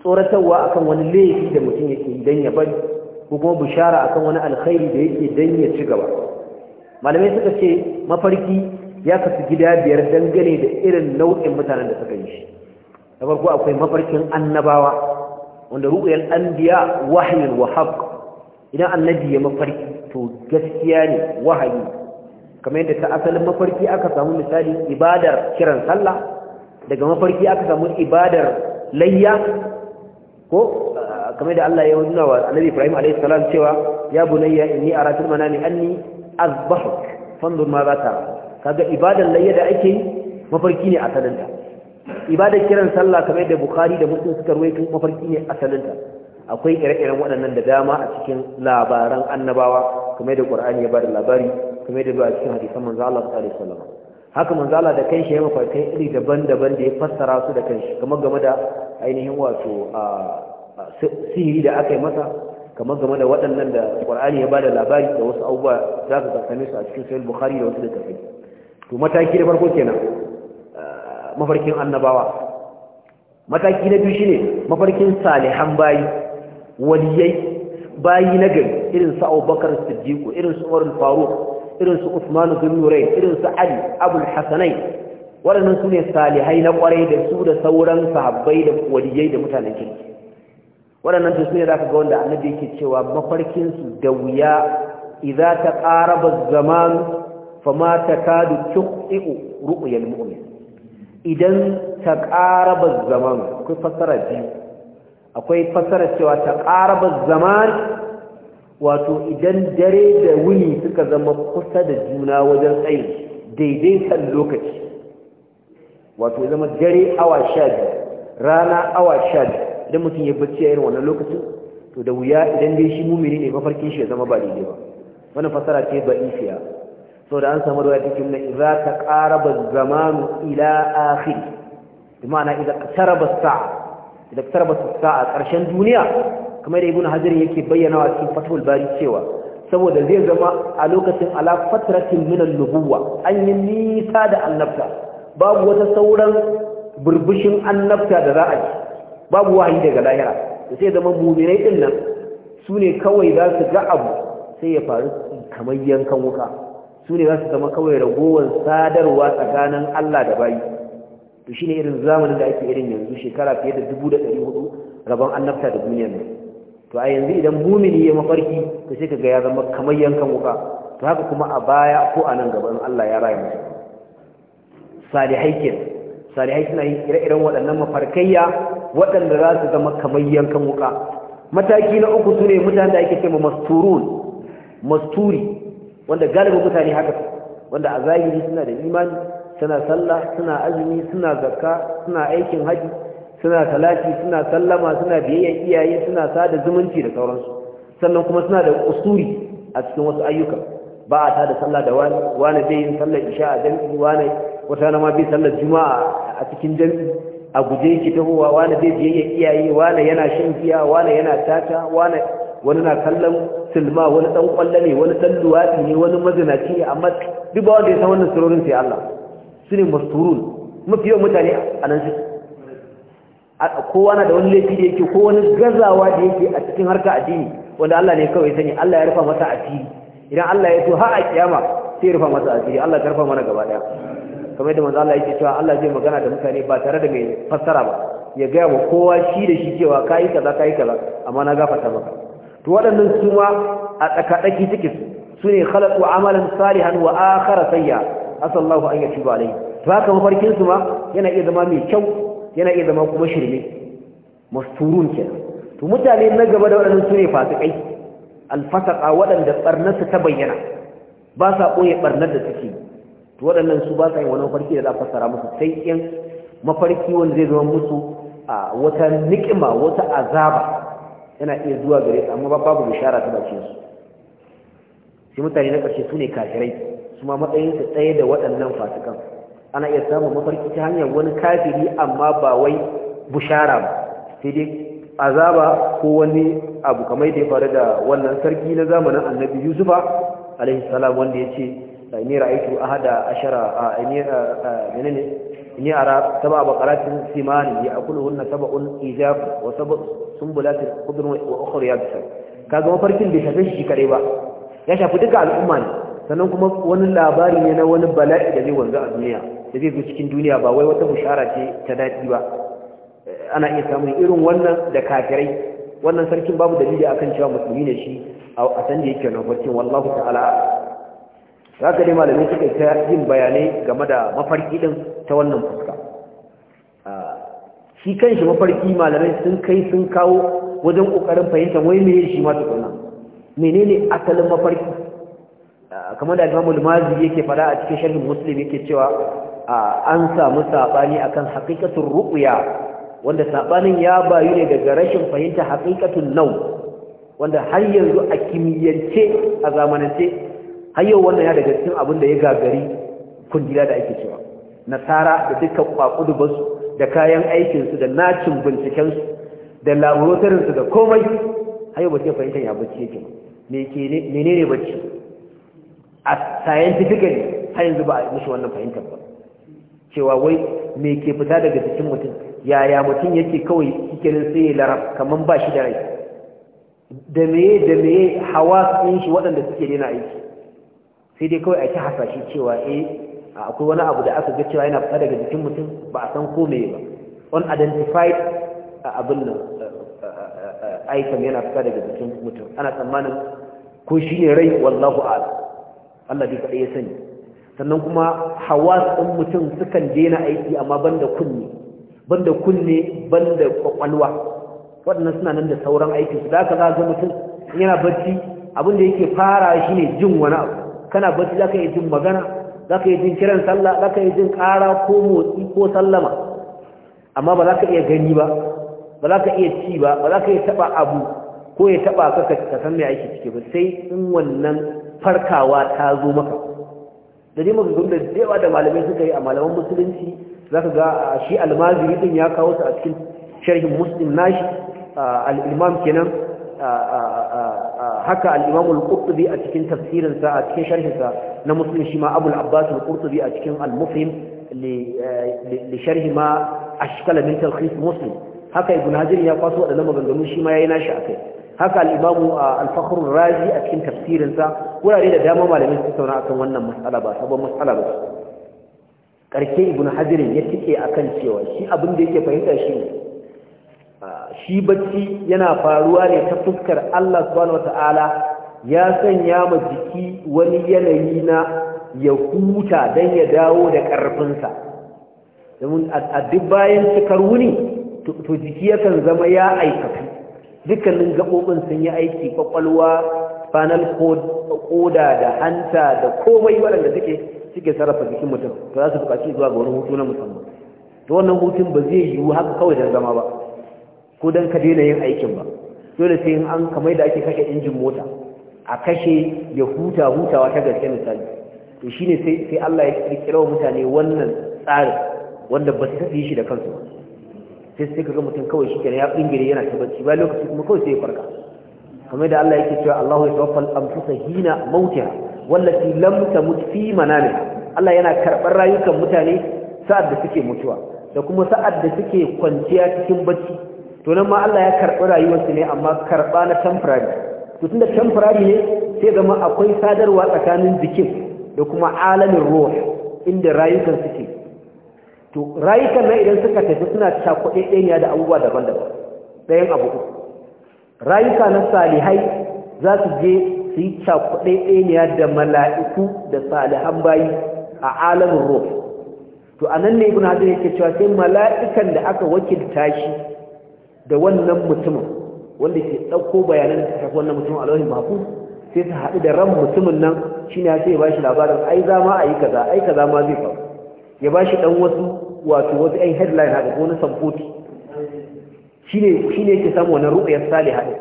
tsoratarwa kan wani laifi da mutum yake idan ya bari ko kuma bishara a kan wani alkhairi da yake idan ya ci gaba malamai suka ce mafarki ya kasu gida biyar dangane da irin nau'in mutanen da suka yi shi da farko akwai mafarkin annabawa wanda ru'yal an biya wahayin wahab idan annabi ya mafarki to gaskiya ne wahayi kamar yadda ta asalin mafarki aka samu misali ibadar kiran sallah daga mafarki aka samu ibadar layya ko kamar da Allah ya nuna wa Annabi Ibrahim alayhi salam cewa ya bunayya inni aratu fil manami anni azbahuk fanzur ma za kaga ibadan layya da ake mafarki ne asalinta ibadar kiran sallah kamar da Bukhari da Muslim suka rawaito mafarki ne asalinta akwai ire-iren waɗannan da dama a cikin labaran annabawa kamar da Qur'ani ya bada labari kamar da ba cikin hadisan manzo Allah sallallahu alaihi wasallam haka manzo Allah da kanshi ya mafarkai iri daban-daban da ya fassara su da kanshi kamar game da ainihin wato sihiri da aka yi masa kamar game da waɗannan da Qur'ani ya bada labari da wasu abubuwa za ka same su a cikin Sahih Bukhari da wasu da kafin. to mataki da farko kenan mafarkin annabawa mataki na biyu shine mafarkin salihan bayi waliyai bayi na gari irin su Abubakar Siddiq irin su Umar Faruk irin su Usman bin Nurayn irin su Ali abul Hasanai waɗannan su salihai na ƙwarai da su da sauran sahabbai da waliyai da mutanen kirki waɗannan su ne zaka ga wanda annabi yake cewa mafarkin su da wuya idza taqaraba zaman fama takadu tuqiu ru'yal mu'min idan taqaraba zaman akwai fassara biyu akwai fassara cewa taqaraba zaman wato idan dare da wuni suka zama kusa da juna wajen tsayi daidai kan lokaci wato zama dare awa sha biyu, rana awa sha biyu, idan mutum ya bacci a irin wannan lokacin to da wuya idan dai shi mumini ne mafarkin shi ya zama ba daidai ba wannan fasara ce ba isiya sau da an samu da wata cikin na iza ta ba zamanu ila akhir bi ma'ana idan ƙasaraba sa'a idan ƙasaraba sa'a ƙarshen duniya kamar da ibn hajar yake bayyana a cikin fatul bari cewa saboda zai zama a lokacin ala fatratin min an-nubuwa an yi nisa da annabta babu wata sauran burbushin annabta da za a babu wahayi daga lahira da sai zama muminai din nan su ne kawai za su ga abu sai ya faru kamar yankan wuka su ne za su zama kawai ragowar sadarwa tsakanin Allah da bayi to shine irin zamanin da ake irin yanzu shekara fiye da 1400 rabon annabta da duniyar nan to a yanzu idan mumini ya mafarki to sai kaga ya zama kamar yankan wuka to haka kuma a baya ko a nan gaban Allah ya raya musu salihai salihaikin salihai suna yin ire-iren waɗannan mafarkaiya waɗanda za su zama kamar yankan wuka mataki na uku su ne mutane da ake cewa masturun masturi wanda galibin mutane haka wanda a zahiri suna da imani suna sallah suna azumi suna zakka suna aikin haji suna talaki suna sallama suna biyayyen iyaye suna sada zumunci da sauransu sannan kuma suna da usuri a cikin wasu ayyuka ba a tada sallah da wani wani zai yi sallar isha a jami'i wani wata na ma sallar juma'a a cikin jami'i a guje yake tahowa wani zai biyayyen iyaye wani yana shan giya wani yana tata wani wani na kallon silma wani dan kwallo ne wani dan luwadi ne wani mazinaci ne amma duk ba wanda ya san wannan surorin sai Allah su ne masturun mafi yawan mutane a nan suke kowa na da wani laifi da yake ko wani gazawa da yake a cikin harka addini wanda Allah ne kawai sani Allah ya rufa masa asiri idan Allah ya so har a kiyama sai rufa masa asiri Allah ya rufa mana gaba daya kamar yadda manzo Allah yake cewa Allah zai magana da mutane ba tare da mai fassara ba ya ga wa kowa shi da shi cewa kai kaza kai kaza amma na gafarta maka to waɗannan su ma a tsakadaki suke su ne khalaqu amalan salihan wa akhara sayya asallahu an yatuba alayhi to haka mafarkin su ma yana iya zama mai kyau yana iya zama kuma shirme masturun kenan to mutane na gaba da waɗannan su ne fasikai alfasaka waɗanda ɓarnarsa ta bayyana ba sa ɓoye ɓarnar da suke to waɗannan su ba sa yin wani mafarki da za a fassara musu sai in mafarki wanda zai zama musu a wata niƙima, wata azaba yana iya zuwa gare su amma babu bishara ta bakin su sai mutane na ƙarshe su ne kafirai su ma matsayinsu ɗaya da waɗannan fasikan ana iya samun mafarki ta hanyar wani kafiri amma ba wai bushara ba sai dai azaba ko wani abu kamar da ya faru da wannan sarki na zamanin annabi yusufa alaihi salam wanda ya ce ni ra'aitu ahada ashara a menene ni ara saba baqaratin simani ya'kuluhunna sab'un ijab wa sab'u sumbulatin khudrun wa ukhra yabsa kaga mafarkin bai shafe shi kare ba ya shafi duka al'umma ne sannan kuma wani labari ne na wani bala'i da zai wanzu a duniya da zai zo cikin duniya ba wai wata bushara ce ta daɗi ba ana iya samun irin wannan da kafirai wannan sarkin babu dalili akan cewa musulmi ne shi a san da yake mafarkin wallahu ta'ala za ka dai malamai suka ta yin bayanai game da mafarki ɗin ta wannan fuska shi kan shi mafarki malamai sun kai sun kawo wajen ƙoƙarin fahimta wai ne shi ma tukuna menene asalin mafarki kamar da imamu limazi yake fada a cikin sharhin muslim yake cewa an samu saɓani akan haƙiƙatun ruɓuya, wanda saɓanin ya bayu ne daga rashin fahimta haƙiƙatun nau wanda har yanzu a kimiyyance a zamanance har yau wannan ya daga cikin abin da ya gagari kundila da ake cewa nasara da dukkan kwakudubansu da kayan aikinsu da nacin bincikensu da laboratorinsu da komai har yau ba ce fahimtar ya bacci yake menene bacci a scientifically har yanzu ba a mishi wannan fahimtar ba cewa wai me ke fita daga cikin mutum yaya mutum yake kawai cikin sai ya larab kamar ba shi da rai da meye da meye hawa sun shi waɗanda suke daina aiki sai dai kawai ake hasashe cewa eh akwai wani abu da aka ga cewa yana fita daga jikin mutum ba a san ko meye ba unidentified abin nan Aikam yana fita daga jikin mutum ana tsammanin ko shi ne rai wallahu a'lam Allah bai kaɗai ya sani sannan kuma hawas ɗin mutum sukan daina aiki amma ban da kunne da kunne da ƙwaƙwalwa waɗannan suna nan da sauran aiki su da ka za ga mutum yana bacci abin da yake fara shi ne jin wani abu kana bacci za ka yi jin magana za ka yi jin kiran sallah za ka yi jin ƙara ko motsi ko sallama amma ba za ka iya gani ba ba za ka iya ci ba ba za ka iya taɓa abu ko ya taɓa ka ka san mai aiki cike ba sai in wannan farkawa ta zo maka da dai maganganu da yawa da malamai suka yi a malaman musulunci za ka ga shi almaziri din ya kawo su a cikin sharhin muslim nashi al'imam kenan haka al'imam al-qurtubi a cikin tafsirinsa a cikin sharhinsa na muslim shi ma abul abbas al-qurtubi a cikin al-mufhim li eh, sharhi ma ashkala min talkhis muslim haka ibn hajar ya kwaso waɗannan maganganu shi ma yayi nashi akai haka alimamu a alfakarun fakhr razi a cikin tafsirinsa wurare da dama malamai su a kan wannan matsala ba sabon matsala ba karke ibnu hajar ya tike akan cewa shi abin da yake fahimta shi shi bacci yana faruwa ne ta fuskar Allah subhanahu wataala ya sanya ma jiki wani yanayi na ya huta don ya dawo da ƙarfinsa domin a duk bayan cikar wuni to jiki yakan zama ya aikatu dukkanin gaɓoɓin sun yi aiki ƙwaƙwalwa panel koda da hanta da komai waɗanda suke suke sarrafa jikin mutum to za su buƙaci zuwa ga wani hutu na musamman to wannan hutun ba zai yiwu haka kawai don zama ba ko don ka daina yin aikin ba dole sai an kamar da ake kashe injin mota a kashe ya huta hutawa ta gaske misali to shine sai sai Allah ya kirkira mutane wannan tsarin wanda ba su tafi shi da kansu ba sai sai kaga mutum kawai shi kenan ya bingire yana ta bacci bayan lokaci kuma kawai sai ya farka kamar da Allah yake cewa Allahu yatawaffa al-anfusa hina mautiha wallati lam tamut fi manamiha Allah yana karɓar rayukan mutane sa'ad da suke mutuwa da kuma sa'ad da suke kwanciya cikin bacci to nan ma Allah ya karɓi rayuwarsu ne amma karɓa na temporary to tunda temporary ne sai zama akwai sadarwa tsakanin jikin da kuma alamin ruh inda rayukan suke to rayukan nan idan suka tafi suna cakuɗe ɗanya da abubuwa daban-daban ɗayan abu rayuka na salihai za su je su yi cakuɗe ɗanya da mala'iku da salihan bayi a alamin rufe to a nan ne ibn ne ke cewa sai mala'ikan da aka wakilta shi da wannan mutumin wanda ke ɗauko bayanan da ta wannan mutumin alawin mafu sai su haɗu da ran mutumin nan shi ne ya ce ba shi labarin ai za ma a yi kaza ai kaza ma zai faru ya ba shi ɗan wasu wato wasu ɗan headline haka ko na samfoti shi ne ke samu wani ya sale haɗe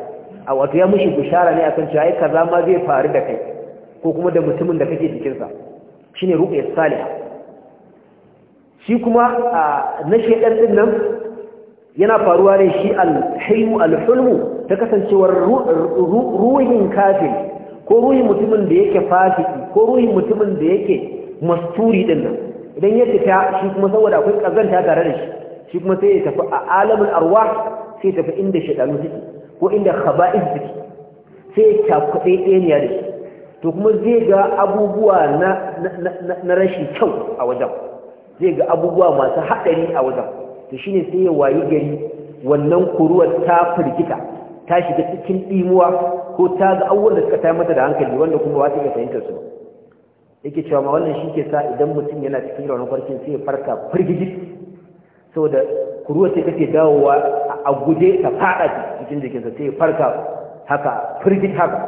a wato ya mushi bishara ne a kan cewa aika kaza ma zai faru da kai ko kuma da mutumin da kake jikinsa shi ne ya sale shi kuma na shaidan ɗin nan yana faruwa ne shi alhaimu alhulmu ta kasancewar ruhin kafin ko ruhin mutumin da yake fasiki ko ruhin mutumin da yake masturi ɗin nan idan ya fita shi kuma saboda akwai kazanta tare da shi shi kuma sai ya tafi a alamin arwa sai tafi inda shaɗanu suke ko inda khaba'is suke sai ya cakuɗe ɗaniya da shi to kuma zai ga abubuwa na rashin kyau a wajen zai ga abubuwa masu haɗari a wajen to shine sai ya wayi gari wannan kuruwar ta firgita ta shiga cikin ɗimuwa ko ta ga abubuwan da suka tayar mata da hankali wanda kuma ba ta iya fahimtar su ba yake cewa ma wannan shi ke sa idan mutum yana cikin raunin farkin sai ya farka firgijit saboda kuruwa sai kake dawowa a guje ta fada cikin jikinsa sai ya farka haka firgit haka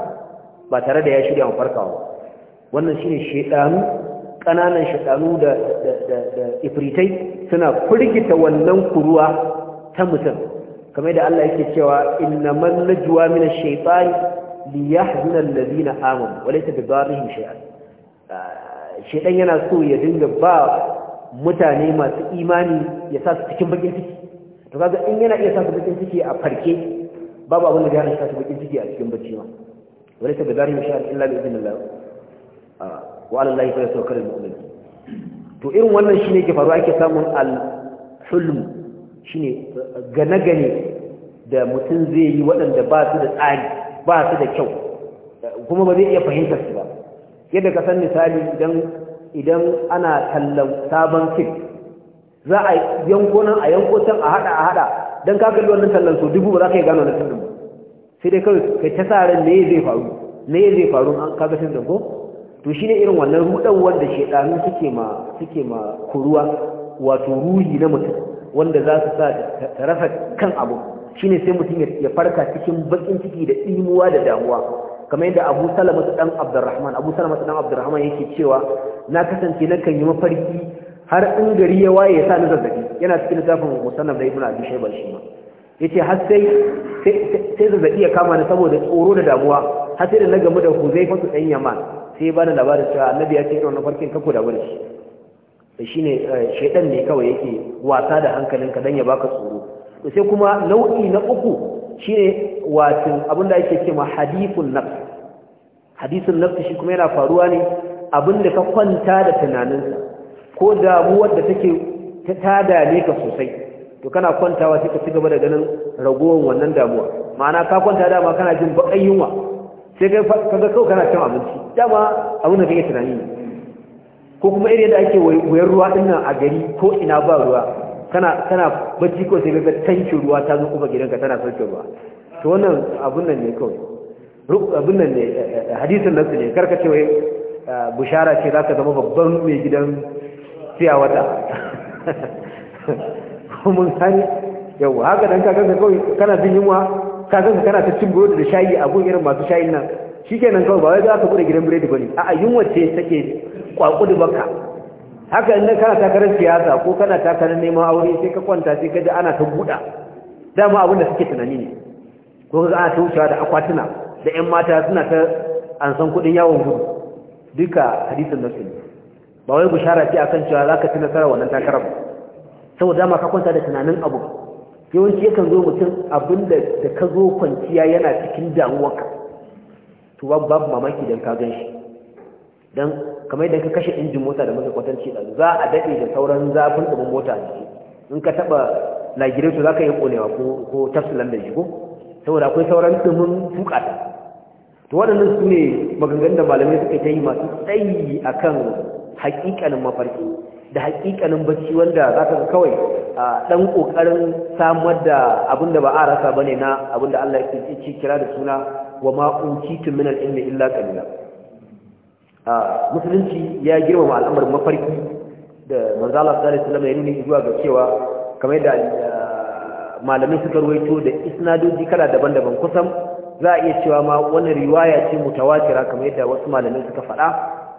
ba tare da ya shirya wa farkawa wannan shine shedanu kananan shedanu da da ifritai suna firgita wannan kuruwa ta mutum kamar da Allah yake cewa innamal najwa minash shaitani liyahzuna allazina amanu wa laysa bidarrihim shay'an shedan yana so ya dinga ba mutane masu imani ya sa su cikin bakin ciki to kaga in yana iya sa su bakin ciki a farke babu abin da ya sa su bakin ciki a cikin bacci ma wani ta gazari mai sha'ar illa bi idinillah wa ala lahi fa yatawakkal al-mu'min to irin wannan shine ke faruwa ake samun al-hulm shine gane gane da mutum zai yi waɗanda ba su da tsari ba su da kyau kuma ba zai iya fahimtar su ba yadda ka san misali idan idan ana kallon sabon kit za a yanko nan a yanko can a hada a hada dan ka kalli wannan kallon so dubu ba za ka yi gano na fim sai dai kawai kai ta sa ran me zai faru me zai faru an ka ga da ko to shine irin wannan rudan wanda shedanu suke ma suke ma kuruwa wato ruhi na mutum wanda za su sa ta rasa kan abu shine sai mutum ya farka cikin bakin ciki da imuwa da damuwa kamar yadda abu salamatu dan abdurrahman abu salamatu dan abdurrahman yake cewa na kasance na kan yi mafarki har in gari ya waye ya sa ni zazzabi yana cikin zafin musannaf da ibn abi shayba shi ma yace har sai sai zazzabi ya kama ni saboda tsoro da damuwa har sai da na gamu da ku zai fasu dan yamma sai ba da labarin cewa annabi ya ce irin wannan farkin kako da bari da shine eh, shedan ne kawai yake wasa da hankalinka dan ya baka tsoro sai kuma nau'i na uku Shi ne wato da yake cewa hadithun nafs hadithun nafs shi kuma yana faruwa ne Abin da ka kwanta da tunaninsa ko damuwar da take ta tada ne ka sosai to kana kwantawa sai ka ci gaba da ganin ragowar wannan damuwa ma'ana ka kwanta dama kana jin bakan yunwa sai ka kaga kawai kana cin abinci dama abin da kake tunani ko kuma irin da ake wayar ruwa din nan a gari ko ina ba ruwa kana kana bacci ko sai ga tankin ruwa ta zo kuma gidanka tana sauke ruwa to wannan abun nan ne kawai abun nan ne eh, eh, eh, hadisin nan ne karka ce wai bushara ce za ka zama babban mai gidan siya wata [laughs] mun sani yau haka dan kaga kawai kana jin yunwa kaga kana ta cin burodi da shayi a gun irin masu shayin nan shikenan kawai ba wai za ka bude gidan biredi bane a'a yunwa ce take kwakudu baka haka inda kana takarar siyasa ko kana takarar neman aure sai ka kwanta sai ka ji ana ta buɗa dama abin da suke tunani ne ko ka ana ta wucewa da akwatuna da 'yan mata suna ta an kuɗin yawon gudu duka hadisin nasu ne ba wai bushara ce akan cewa za ka ci nasara wannan takarar ba saboda dama ka kwanta da tunanin abu yawanci yakan zo mutum abin da ka zo kwanciya yana cikin damuwarka to babu mamaki idan ka gan shi don kamar yadda ka kashe injin mota da muka kwatanci da za a daɗe da sauran zafin ɗumin mota ne. in ka taɓa su za ka yi ƙonewa ko tafsilan da shigo saboda akwai sauran ɗumin fukata to waɗannan su ne maganganun da malamai suka ta yi masu tsayi a kan haƙiƙanin mafarki da haƙiƙanin bacci wanda za ka kawai a ɗan ƙoƙarin samar da abin da ba a rasa ba ne na abin da Allah ya ce kira da suna wa ma'unci tun minal ilmi illa ƙalila musulunci ya girmama al'amarin mafarki da manzala sallallahu ya nuni zuwa ga cewa kamar da eh, malamin suka ruwaito da isnadoji kala daban-daban kusan za a iya cewa ma wannan riwaya ce mutawatira kamar yadda wasu malamai suka faɗa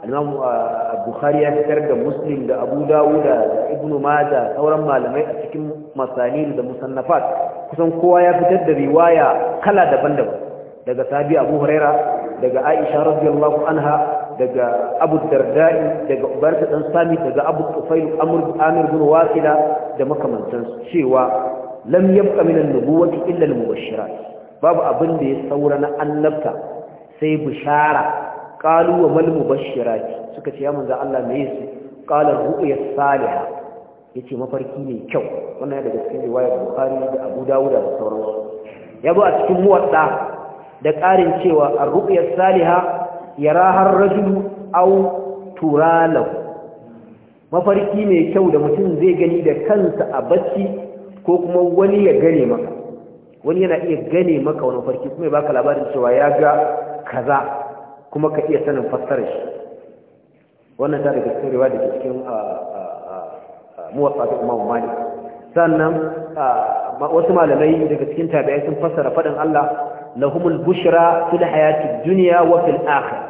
al-Imam eh, Bukhari ya fitar da Muslim da Abu Dawud da Ibn da sauran malamai a cikin masani da musannafat kusan kowa ya fitar da riwaya kala daban-daban daga sahabi Abu Huraira daga Aisha radiyallahu anha daga abu dardai daga ubarta dan sami daga abu tufail amir bin wasila da makamantansu cewa lam yabqa min an-nubuwati illa al babu abin da ya saura na annabta sai bishara qalu wa mal mubashirat suka ce ya manzo Allah me yasa qala ru'ya salihah yace mafarki ne kyau wannan daga cikin riwayar bukhari da abu dawud da sauransu yabo a cikin muwadda da ƙarin cewa ar-ru'ya salihah yarahar rajulu aw turalahu mafarki mai kyau da mutum zai gani da kansa a bacci ko kuma wani ya gane maka wani yana iya gane maka wani farki kuma ya baka labarin cewa ya ga kaza kuma ka iya sanin fassarar shi wannan ta daga cikin riwaya da ke cikin ah, ah, ah, muwaffa ta Imam Malik sannan wasu malamai daga cikin tabi'ai sun fassara faɗin Allah lahumul bushra fil hayatid dunya wa fil akhirah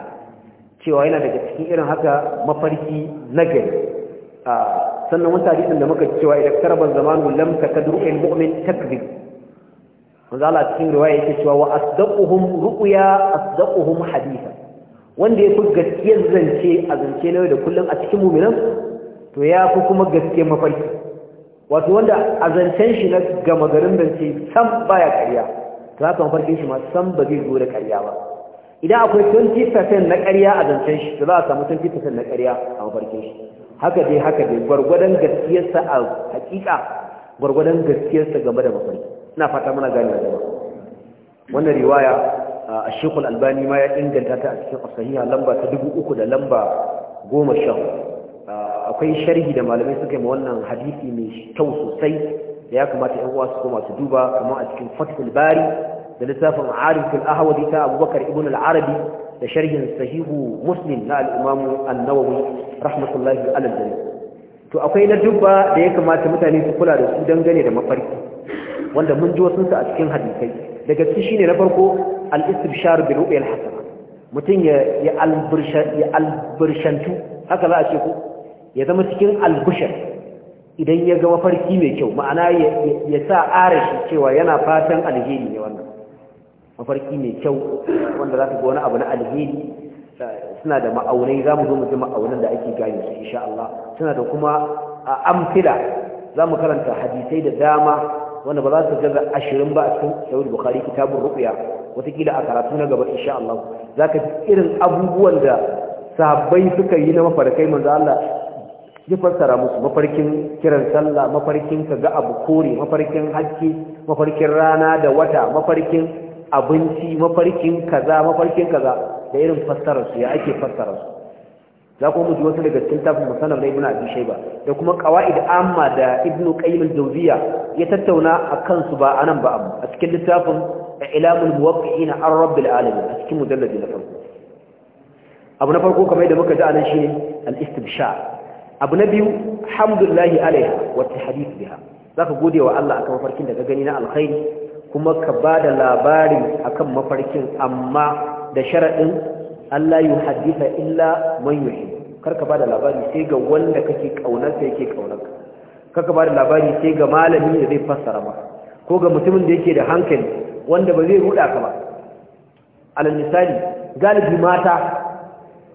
cewa yana daga cikin irin haka mafarki na nagari sannan wata hadisin da muka cewa idan karban zamanu lam takadru al mu'min takdhib manzo Allah cikin riwaya yake cewa wa asdaquhum ru'ya asdaquhum haditha wanda yafi gaskiyar zance a zance na da kullum a cikin mu'minan to ya fi kuma gaskiyar mafarki wato wanda a zancen shi na gama garin zance sam baya ƙarya to ka mafarkin shi ma sam ba zai zo da ƙarya ba idan akwai 20% na ƙarya a zancen shi za a samu 20% na ƙarya a mafarkin shi haka dai haka dai gwargwadon gaskiyarsa a hakika gwargwadon gaskiyarsa game da mafarki ina fata muna gane da ba wannan riwaya a shekul albani ma ya inganta ta a cikin asahiha lamba ta dubu uku da lamba goma sha akwai sharhi da malamai suka yi ma wannan hadisi mai kyau sosai da ya kamata yan uwa su koma su duba kamar a cikin fatul bari da littafin arifin ahawadi ta abubakar ibn al-arabi da sharhin sahihu muslim na al-imamu nawawi rahmatullahi alal to akwai na dubba da ya kamata mutane su kula da su dangane da mafarki wanda mun ji wasu a cikin hadisai daga ciki shine na farko al-istibshar bi ru'yal hasana mutum ya ya albirshantu haka za a ce ko ya zama cikin albushar idan ya ga mafarki mai kyau ma'ana ya sa arashi cewa yana fatan alheri ne wannan mafarki mai kyau wanda za ta ga wani abu na alheri suna da ma'aunai za mu zo mu ji ma'aunan da ake gane su insha Allah suna da kuma amfila za mu karanta hadisai da dama wanda ba za su gaza ashirin ba a cikin sahih bukari kitabun ruqya watakila a karatu na gaba insha Allah za ka irin abubuwan da sahabbai suka yi na mafarkai manzo Allah ya fassara musu mafarkin kiran sallah mafarkin ka ga abu kore mafarkin hakki mafarkin rana da wata mafarkin abinci mafarkin kaza mafarkin kaza da irin fassararsu ya ake fassararsu za ku muji wasu daga cikin tafin musanar na ibn shaiba da kuma qawaid amma da Ibnu qayyim al-jawziya ya tattauna akan su ba anan ba a cikin littafin ilamul muwaqqi'ina an rabbil alamin a cikin mujalladi na farko abu na farko kamar yadda muka ji anan shine al-istibsha abu na biyu hamdulillahi alaiha wa tahdith biha zaka gode wa Allah akan farkin da ka gani na alkhairi kuma ka ba da labarin akan mafarkin amma da sharaɗin Allah yi haddisa illa man yuhi karka ba da labari sai ga wanda kake ƙaunarsa yake ƙaunarka karka ba da labari sai ga malami da zai fassara ba ko ga mutumin da yake da hankali wanda ba zai ruɗa ka ba alal misali galibi mata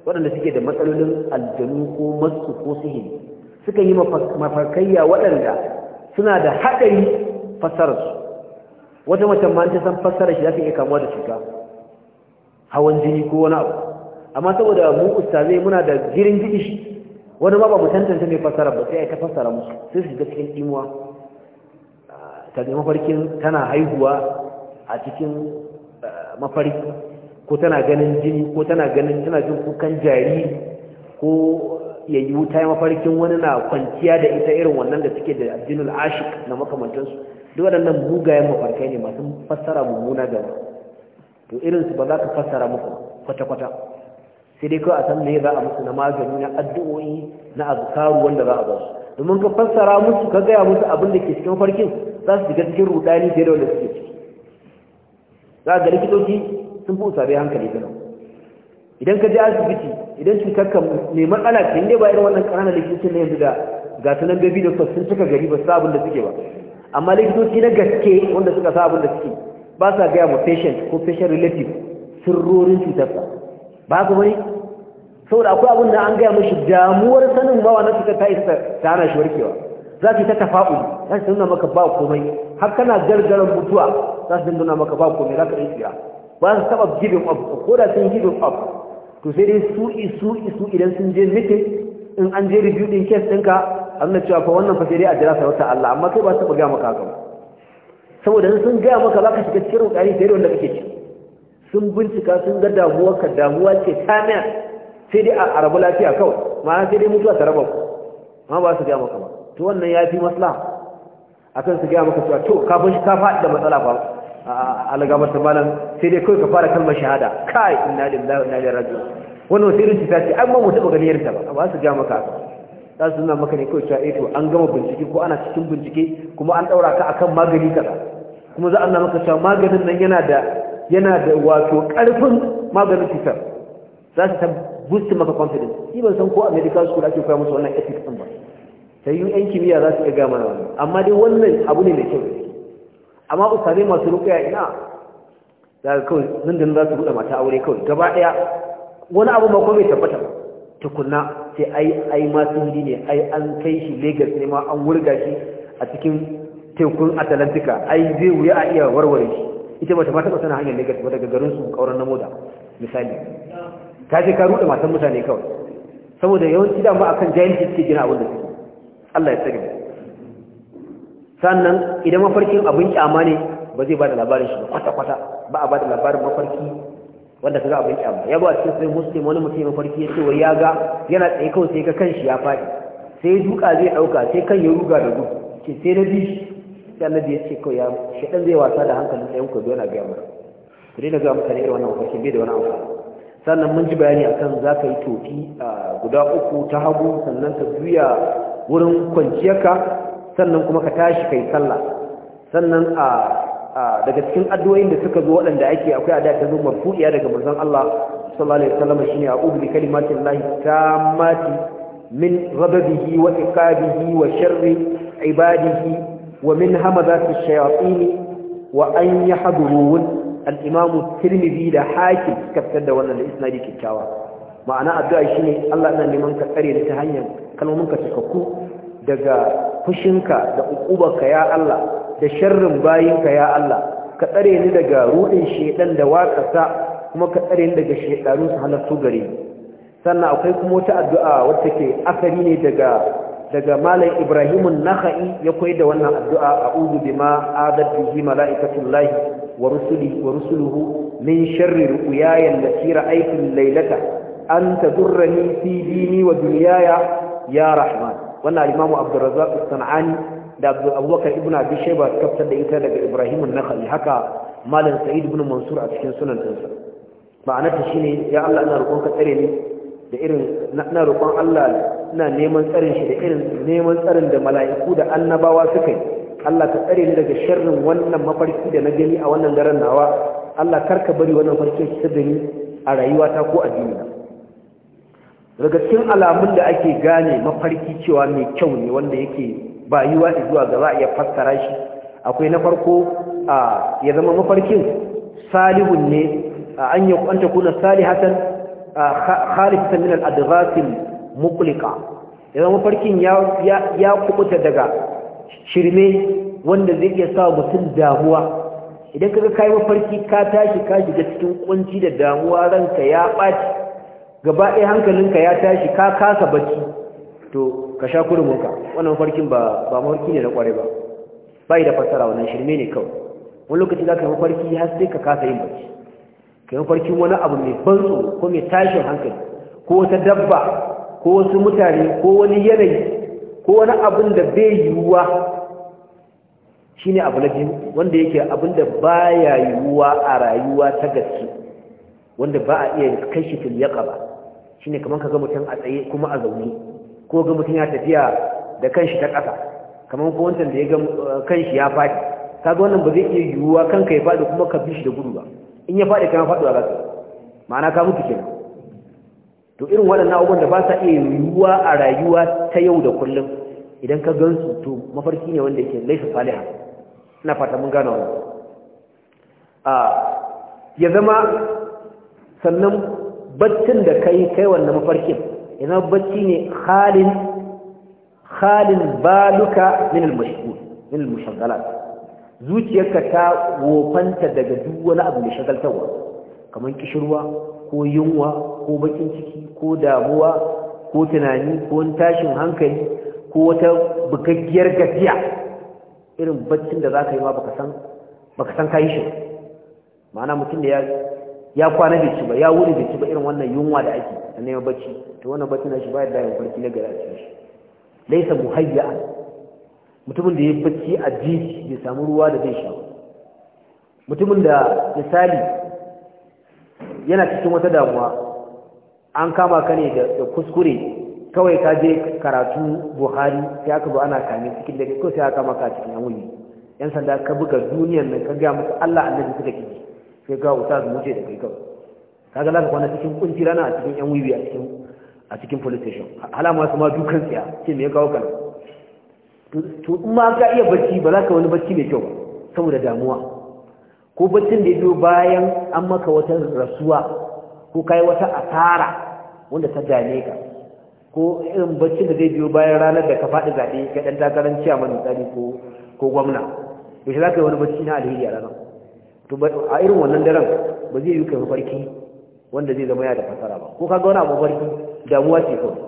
waɗanda suke da matsalolin aljanu ko masu ko sihiri sukan yi mafarkayya waɗanda suna da haɗari fassararsu wata mace ma ta san fassara shi za ka iya kamuwa da cuta hawan jini ko wani abu amma saboda mu ustazai muna da girin jiki shi wani ma ba mu tantance mai fassara ba sai ai ta fassara musu sai su shiga cikin imuwa ta ga mafarkin tana haihuwa a cikin eh, mafarki ko tana ganin jini ko tana ganin tana jin kukan jari ko ya yi wuta mafarkin wani na kwanciya da ita irin wannan da suke da addinul ashik na makamantansu duk waɗannan mugayen mafarkai ne masu fassara mummuna gaba to irinsu ba za ka fassara muku kwata-kwata sai dai kawai a san me za a musu na magani na addu'o'i na azkaru wanda za a ba su domin ka fassara musu ka gaya musu abin da ke cikin farkin za su shiga cikin rudani fiye da wanda suke ciki za ga likitoci sun fi usabe hankali gano idan ka je asibiti idan cutar ka mai matsala ce inda ba irin wannan ƙananan likitocin na yanzu da ga sunan gabi da sun cika gari ba su abin da suke ba amma likitoci na gaske wanda suka sa abin da suke ba sa gaya ma patient ko patient relative sirrorin cutarsa ba ku bane saboda akwai abin da an gaya mashi damuwar sanin bawa na cutar ta isa ta hana shi warkewa za ki ta tafa'u za su nuna maka ba komai har kana gargaran mutuwa za su nuna maka ba komai za ka yi tsira ba su taɓa giving up ko da sun giving up to sai dai su isu isu idan sun je meeting in an je review din case ɗinka Allah cewa fa wannan fa sai dai a jira sa wata Allah amma kai ba su buga maka haka saboda sun gaya maka ba ka shiga cikin rukari sai da wanda kake ci sun bincika sun ga damuwa ka damuwa ce tamiya sai dai a rabu lafiya kawai ma'ana sai dai mutuwa ta raba ku amma ba su gaya maka ba to wannan ya fi maslaha akan su gaya maka cewa to ka bin ka faɗi da matsala ba a lagabar ta malam sai dai kawai ka fara kalmar shahada kai inna lillahi wa inna ilaihi raji'un wani irin ta ce an ma mutu taɓa yarda ta ba ba su ja maka za su nuna maka ne kawai cewa eto eh, an gama bincike ko ana cikin bincike kuma an ɗaura ka akan magani kaza kuma za a nuna maka cewa maganin nan yana da yana da wato ƙarfin maganin cutar za su ta boost maka confidence shi ban san ko a medical school ake koya musu wannan ethics ɗin ba sai yi yan kimiyya za su iya gama na wannan amma dai wannan abu ne mai kyau amma usare masu rukaya ina za ka kawai nan da za su buɗe mata aure kawai gaba ɗaya wani abu ba kuma bai tabbata tukunna sai ai ai ma ne ai an kai shi Lagos ne ma an wurga shi a cikin tekun Atlantika ai zai wuya a iya warware shi ita ba ta taɓa hanyar Lagos ba daga garin su kauran na moda misali ta je ka ruɗe matan mutane kawai saboda yawanci da ma akan shi suke gina abin da suke Allah ya tsare sannan idan mafarkin abun kyama ne ba zai ba da labarin shi ba kwata-kwata ba a ba da labarin mafarki wanda ga abin kyamma ya ba cikin sai muslim wani mutum ya farki ya ce wai ya ga yana tsaye kawai sai ka kanshi ya faɗi sai duka zai ɗauka sai kan ya ruga da gudu ce sai na bi sai annabi ya ce kawai ya shaɗan zai wasa da hankalin tsayin ku yana gaya mana ku daina gaya mutane irin wannan mafarki bai da wani amfani sannan mun ji bayani akan za ka yi tofi guda uku ta hagu sannan ka juya wurin kwanciyarka sannan kuma ka tashi ka yi sallah sannan a daga cikin addu'o'in da suka zo waɗanda ake akwai addu'a ta zo marfu'iya daga manzon Allah sallallahu alaihi wasallam shine a'udhu bi kalimati llahi tammati min ghadabihi wa iqabihi wa sharri ibadihi wa min hamazati ash-shayatin wa an yahdurun al-imamu tirmidhi da hakim suka fitar da wannan da isnadi ma'ana addu'a shine Allah ina neman ka tsare ta hanyar kalmomin ka cikakku daga fushinka da ukubarka ya Allah da sharrin bayinka ya Allah ka tsare ni daga ruɗin shedan da waƙasa kuma ka tsare ni daga shedaru su halattu gare sannan akwai kuma wata addu'a wacce ke asali ne daga daga malam Ibrahim an-Nakhai ya koyar da wannan addu'a a'udhu bima adat bihi malaikatullahi wa rusulihi wa rusuluhu min sharri ru'yaya allati ra'aytu laylata an tadurrani fi dini wa dunyaya ya rahman wannan al-imamu sanani da abubakar Ibn abi shayba kaftar da ita daga ibrahim an haka malam sa'id ibn mansur a cikin sunan dinsa ma'anarta shine ya Allah ina roƙon ka tsare ni da irin na roƙon Allah ina neman tsarin shi da irin neman tsarin da mala'iku da annabawa suka yi Allah ka tsare ni daga sharrin wannan mafarki da na gani a wannan daren nawa Allah karka bari wannan farkin ki da ni a rayuwata ko a duniya daga cikin alamun da ake gane mafarki cewa mai kyau ne wanda yake ba yiwa zuwa ga za a iya fassara shi akwai na farko ya zama mafarkin salihun ne an yi kwanta kuna salihatan a min al-adghasil mukulika ya zama mafarkin ya kubuta daga shirme wanda zai iya sa mutum damuwa idan kaga kayi mafarki ka tashi ka shiga cikin kunci da damuwa ranka ya ɓaci. gaba ɗaya hankalinka ya tashi ka kasa bacci to ka sha kurminka wannan farkin ba ba mafarki ne na ƙware ba bai da fassara wannan shirme ne kawai wani lokaci za ka yi mafarki har sai ka kasa yin bacci ka yi mafarkin wani abu mai ban ko mai tashin hankali ko wata dabba ko wasu mutane ko wani yanayi ko wani abin da bai yiwuwa ne abu na biyu wanda yake abin da baya yiwuwa a rayuwa ta gaske wanda ba a iya kai shi fil yaqaba ne kamar ka ga mutum a tsaye kuma a zaune ko ga mutum ya tafiya da kanshi ta ƙasa kamar ko wancan da ya ga eh, kanshi ya faɗi ga wannan ba zai iya yiwuwa kanka ya faɗi kuma ka bi shi da gudu ba in ya faɗi kama faɗuwa ba ma'ana ka mutu kenan to irin waɗannan abubuwan da ba sa iya yiwuwa a rayuwa ta yau da kullum idan ka gansu to mafarki ne wanda ke laifin saliha ina fata mun gano wannan ah, ya zama sannan baccin da kai kai wannan mafarkin ina bacci ne halin halin baluka min al-mashghul zuciyarka ta wofanta daga duk wani abu da shagaltarwa kamar kishirwa ko yunwa ko bakin ciki ko damuwa ko tunani ko tashin hankali ko wata bugaggiyar gajiya irin baccin da zaka yi ma baka san baka shi ma'ana mutum da ya ya kwana da ci ya wuri da ci irin wannan yunwa da ake a neman bacci to wannan bacci na shi ba da ya farki na gara cikin shi laisa muhayya mutumin da ya bacci a jiji ya samu ruwa da zai sha mutumin da misali yana cikin wata damuwa an kama ka ne da kuskure kawai ka je karatu buhari sai aka zo ana kame cikin dare ko sai aka kama ka cikin yan yan sanda ka buga duniyar nan ka gaya musu allah annabi suka ki sai ga wuta mu da kai kawai kaga zaka kwana cikin kunci rana a cikin yan wiwi a cikin police station halama su ma dukan tsaya ce mai kawo kan to in ma ka iya bacci ba za ka wani bacci mai kyau saboda damuwa ko baccin da ya bayan an maka wata rasuwa ko kai wata asara wanda ta dame ka ko irin baccin da zai biyo bayan ranar da ka faɗi zaɓe ka ɗan takarar ciyaman tsari ko gwamna yaushe za ka yi wani bacci na alheri a ranar to a irin wannan daren ba zai yi kai mafarki wanda zai zama ya da fasara ba ko ka wani a mafarki damuwa ce kawai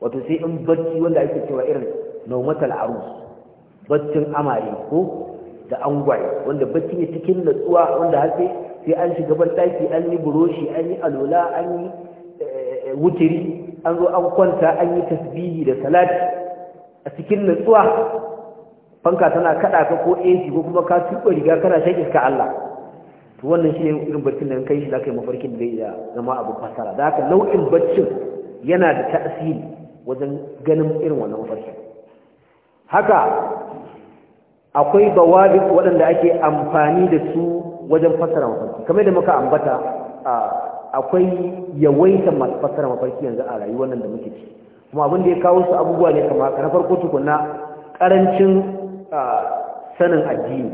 wato sai in barci wanda ake cewa irin naumatal arus baccin amare ko da angwaye wanda bacci ne cikin natsuwa wanda har sai sai an shiga ban an yi buroshi an yi alola an yi eh, eh, wutiri an zo an kwanta an yi tasbihi da salati a cikin natsuwa fanka tana kada ka ko AC ko kuma ka tuba riga kana shaki ka Allah to wannan shine irin barcin da kai shi zakai mafarkin da ya zama abu fasara da haka nau'in barcin yana da tasiri wajen ganin irin wannan mafarki haka akwai bawabi waɗanda ake amfani da su wajen fassara mafarki kamar da muka ambata akwai yawaita masu fassara mafarki yanzu a rayuwar nan da muke ci kuma abin da ya kawo su abubuwa ne kamar na farko tukunna karancin sanin addini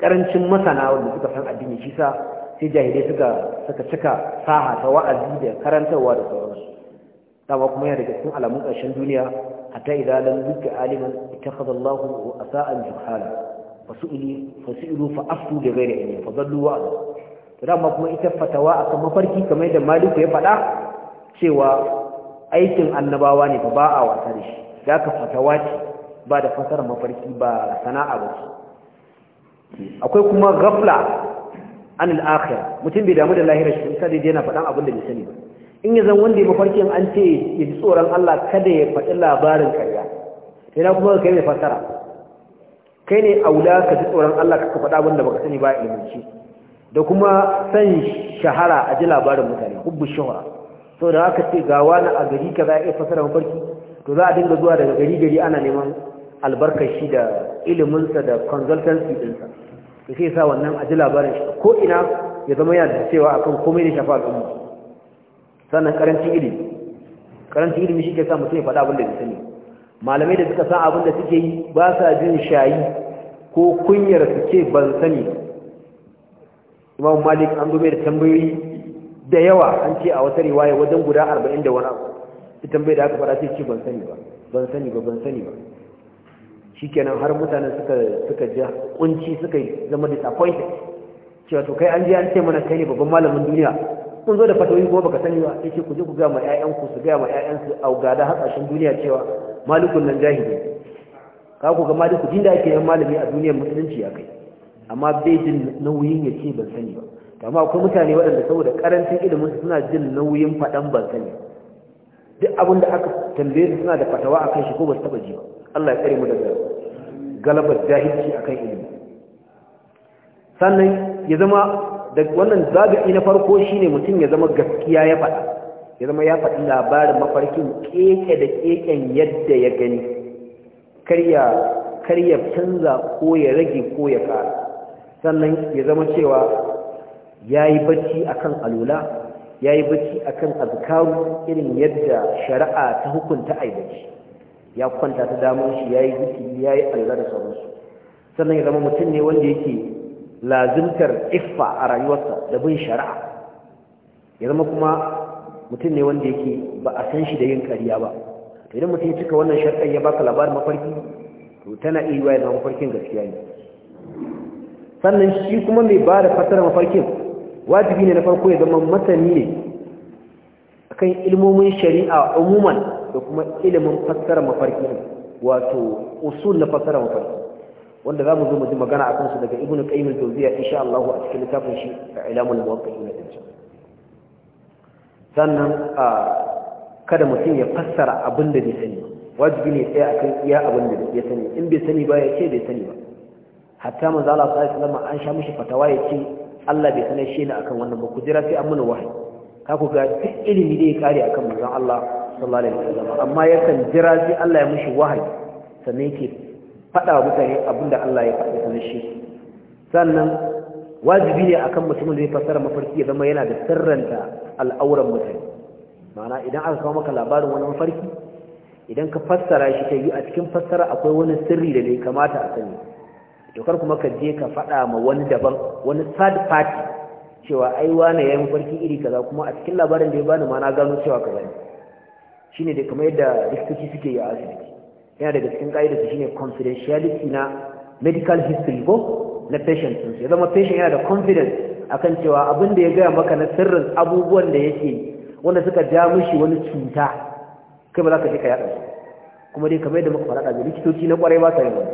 karancin masana wanda suka san addini shi sa sai jahilai suka suka cika saha ta wa'azi da karantarwa da sauransu dama kuma yana daga cikin alamun ƙarshen duniya hatta idan lam yuka aliman ittakhadha Allahu asa'an juhala fasu'ili fasu'ilu fa aftu bi ghairi ilmi fa dallu wa to dama kuma ita fatawa akan mafarki kamar yadda Maliku ya faɗa cewa aikin annabawa ne fa ba a wasa da shi zaka fatawa ce ba da fasarar mafarki ba sana'a ba akwai kuma gafla an al'akhira mutum bai damu da lahirar shi daidai na faɗan abin da bai sani ba in ya zan wanda ya mafarki an ce ya ji tsoron Allah kada ya faɗi labarin karya sai na kuma kai mai fasara kai ne a wula ka ji tsoron Allah ka faɗa abin da baka sani ba ilmanci da kuma san shahara a ji labarin mutane hubbu shahara saboda aka ce gawa wani a gari kaza ya fasara mafarki to za a dinga zuwa daga gari gari ana neman albarkar shi da iliminsa da consultancy ɗinsa da sai sa wannan aji labarin shi ko ina ya zama yana da cewa akan komai da shafa al'umma sannan karancin ilimi karancin ilimi shi ke sa mutum ya faɗa abin da ya sani malamai da suka san abin da suke yi ba sa jin shayi ko kunyar su ce ban sani imam malik an zo da tambayoyi da yawa an ce a wata riwaya wajen guda arba'in da wani abu ita tambayi da aka faɗa sai ce ban sani ba ban sani ba ban sani ba shikenan har mutane suka suka ji kunci suka zama disappointed cewa to kai an je an ce mana kai ne babban malamin duniya kun zo da fatoyi kuma baka sani ba yace ku je ku ga ma ku su ga ma su au gada hasashen duniya cewa malikun nan jahili ka ku ga maliku din da ake yan malami a duniyar musulunci kai. amma bai jin nauyin ya ce ban sani ba amma akwai mutane waɗanda saboda karancin ilimin suna jin nauyin faɗan ban sani duk abin da aka tambaye su suna da fatawa akan shi ko ba su taɓa ji ba Allah ya tsare mu daga galabar jahilci akan ilimi sannan ya zama da wannan zabi'i na farko shine mutum ya zama gaskiya ya faɗa ya zama ya faɗi labarin mafarkin keke da keken yadda ya gani karya karya canza ko ya rage ko ya ƙara sannan ya zama cewa ya yi bacci akan alula ya yi bacci akan azkaru irin yadda shari'a ta hukunta a ya kwanta ta damar shi ya yi zikiri ya yi allah da sauransu sannan ya zama mutum ne wanda yake lazimtar iffa a rayuwarsa da bin shari'a ya zama kuma mutum ne wanda yake ba a san shi da yin ƙarya ba to idan mutum ya cika wannan sharɗan ya baka labarin mafarki to tana iya yiwa ya zama mafarkin gaskiya ne sannan shi kuma mai ba da fasara mafarkin wajibi ne na farko ya zama masani ne akan ilmomin shari'a umuman da kuma ilimin fassara mafarki wato usul na fassara mafarki wanda za mu zo mu ji magana a kansu daga ibnu qayyim al-jawziya insha Allah a cikin littafin shi ilamul muwaqqi'in din sannan kada mutum ya fassara abin da bai sani ba, wajibi ne tsaya akan iya abin da ya sani in bai sani ba ya ce bai sani ba hatta manzo Allah sallallahu alaihi wasallam an sha mishi fatawa ya ce Allah bai sanar shi ne akan wannan ba ku jira sai an mana wahayi ka ku ga duk ilimi da ya kare akan manzon Allah sallallahu alaihi wasallam amma yakan jira sai Allah ya mishi wahayi sannan yake faɗa wa mutane abinda Allah ya faɗa sanin shi sannan wajibi ne akan mutumin da ya fassara mafarki ya zama yana da sirranta al'auran mutane ma'ana idan aka kawo maka labarin wani mafarki idan ka fassara shi ta yi a cikin fassara akwai wani sirri da bai kamata a sani kar kuma ka je ka faɗa ma wani daban wani third party cewa ai wane ya yi mafarki iri kaza kuma a cikin labarin da ya bani ma na gano cewa kaza ne shine da kamar yadda likitoci suke yi a asibiti yana daga cikin shi shine confidentiality na medical history ko na patient sun ya zama patient yana da confidence akan cewa abin da ya gaya maka na sirrin abubuwan da yake wanda suka ja mushi wani cuta kai ba za ka je ka yaɗa su kuma dai kamar yadda muka faɗa da likitoci na ƙwarai ba ta yi wani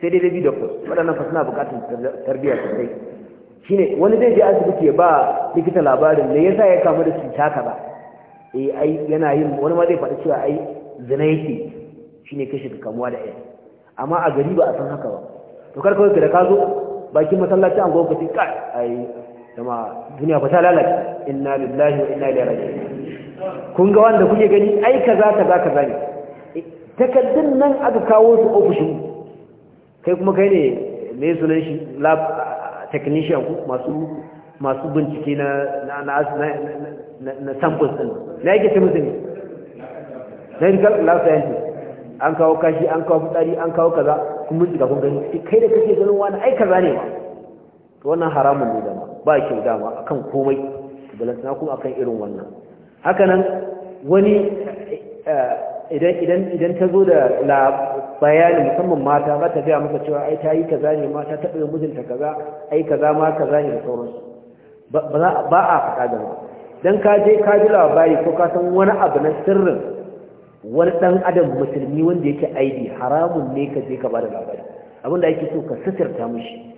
sai dai dai doctors waɗannan fa suna buƙatar tarbiyya sosai shine wani zai je asibiti ya ba likita labarin me yasa ya kamu da cuta kaza eh ai yana yin wani ma zai faɗi cewa ai zina yake shine kashi ka kamuwa da ayyuka amma a gari ba a san haka ba to kar kawai da ka zo bakin masallaci an gwamnati ka kai ai kuma duniya ba ta lalace inna lillahi wa inna ilaihi raji'un kun ga wanda kuke gani ai kaza kaza kaza ne eh, takaddun nan aka kawo su ofishin kai kuma kai ne me sunan shi lab technician ku masu masu bincike na na na na samples din na yake ce musulmi ne na yi lab scientist an kawo kashi an kawo fitsari an kawo kaza kun mun ga kun gani eh, kai da kake ganin wani ai kaza ne ba to wannan haramun ne dama ba kyau dama akan komai balantana kuma akan irin wannan haka nan wani eh, idan idan idan ta zo da la bayani musamman mata za ta gaya masa cewa ai ta yi kaza ne mata ta ɗaya mutunta kaza ai kaza ma kaza ne da sauransu ba a faɗa da ba don ka je ka ji labari ko kasan wani abu na sirrin wani ɗan adam musulmi wanda yake aidi haramun ne ka je ka ba da labari abinda ake so ka sisirta mushi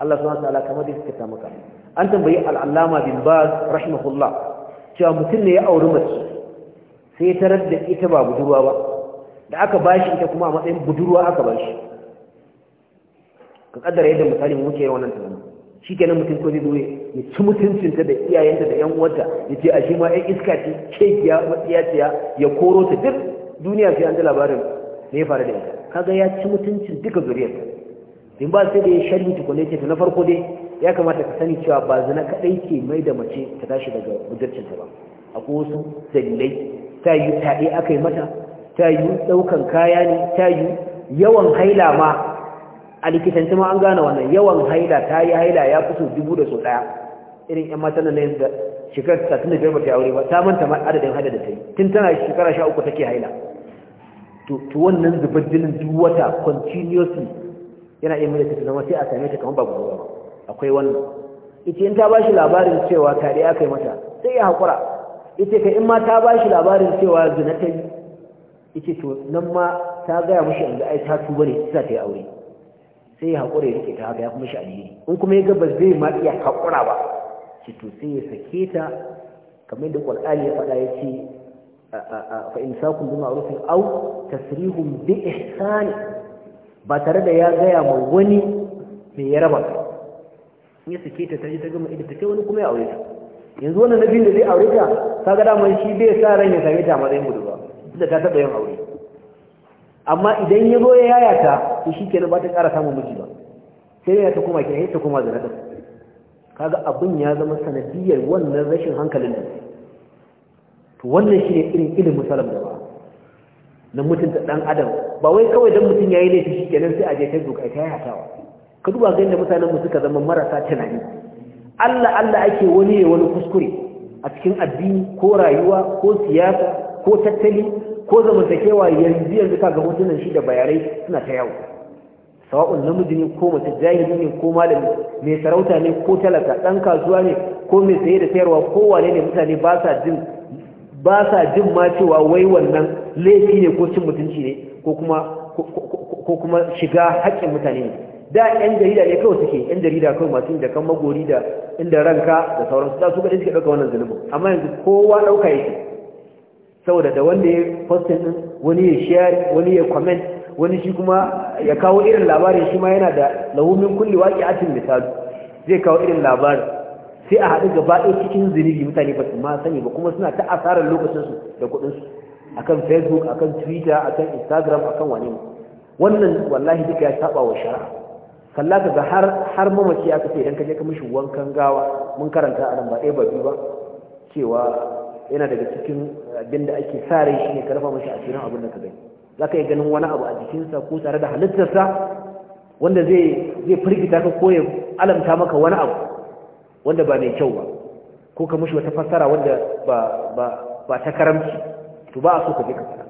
Allah subhanahu wa ta'ala kamar da suka maka an tambayi al'allama bin ba rahimahullah cewa mutum ne ya auri mace sai ya tarar da ita ba budurwa ba da aka ba shi ita kuma a matsayin budurwa aka ba shi. ka kaddara yadda misali mu muke yawan nan tunanin nan mutum ko zai doye ya ci mutuncinta da iyayenta da 'yan uwanta ya ce a shi ma 'yan iska ce kekiya matsiyaciya ya koro ta duk duniya sai an ji labarin ne ya faru da ita kaga ya ci mutuncin duka zuriyarta in ba sai da ya ta tukune ce ta na farko dai ya kamata ka sani cewa ba zina kaɗai ke mai da mace ta tashi daga budurcinta ba a wasu dalilai ta yi taɗe aka yi mata ta yi ɗaukan kaya ne ta yi yawan haila ma a likitanci ma an gane wannan yawan haila ta yi haila ya fi so dubu da so ɗaya irin yan matan nan yanzu da shekarar ta tunda biyar ba ta yi aure ba ta manta ma adadin hada da ta yi tun tana shekara sha uku take haila to wannan zubar jinin duk wata continuously yana iya mulki ta zama sai a same ta kamar ba gudu ba akwai wannan ita in ta ba shi labarin cewa kare kai mata sai ya haƙura ita ka in ma ta ba shi labarin cewa zina ta yi ita to nan ma ta gaya mushi yanzu ai ta tuba ne ta ta yi aure sai ya haƙura ya rike ta haka ya kuma shi alheri in kuma ya ga ba zai ma iya haƙura ba ci to sai ya sake ta kamar da qur'ani ya faɗa yace fa imsakum bi ma'rufin aw tasrihum bi ihsan ba tare da ya gaya ma wani me ya raba in ya sake ta taji ta gama idan ta kai wani kuma ya aure ta yanzu wannan nabin da zai aure ta ga daman shi bai sa ran ya sami ta matsayin ba, da ta taɓa yin aure amma idan ya zo ya yaya ta to shi kenan ba ta ƙara samun miji ba sai ya ta kuma kenan ta kuma zina ɗin kaga abin ya zama sanadiyar wannan rashin hankalin nan to wannan shi ne irin ilimin salam da ba na mutunta dan adam ba wai kawai dan mutum yayi yi shi kenan sai a je kai doka kai hatawa ka duba ga da mutanen mu suka zama marasa tunani Allah Allah ake wani ne wani kuskure a cikin addini ko rayuwa ko siyasa ko tattali ko zamantakewa yanzu yanzu kaga mutunan shi da bayarai suna ta yawo sawa'un namiji ne ko mace jahili ne ko malami mai sarauta ne ko talaka ɗan kasuwa ne ko mai saye da sayarwa ko wane ne mutane ba sa jin ba sa jin ma cewa wai wannan laifi ne ko cin mutunci ne ko kuma ko kuma shiga haƙƙin mutane ne da yan jarida ne kawai suke yan jarida kawai masu da kan magori da inda ranka da sauransu da su kaɗai suke ɗauka wannan zunubin amma yanzu kowa ɗauka yake saboda da wanda ya fasta wani ya share wani ya comment wani shi kuma ya kawo irin labarin shi ma yana da lahumin kulli atin misali zai kawo irin labarin sai a haɗu gaba ɗaya cikin zunubi mutane ba su ma sani ba kuma suna ta asarar lokacin su da kuɗin su akan facebook akan twitter akan instagram akan wani ne wannan wallahi duka ya saba wa shari'a kalla ka ga har har mamaci aka ce idan ka je ka mishi wankan gawa mun karanta a nan ba ɗaya ba biyu ba cewa yana daga cikin abin da ake sa rai ne ka rafa mishi cikin abin da ka gani za ka yi ganin wani abu a jikinsa ko tare da halittarsa wanda zai firgita ka ko ya alamta maka wani abu wanda ba mai kyau ba ko ka mushi wata fassara wanda ba ta karamci to ba a so ka je ka fara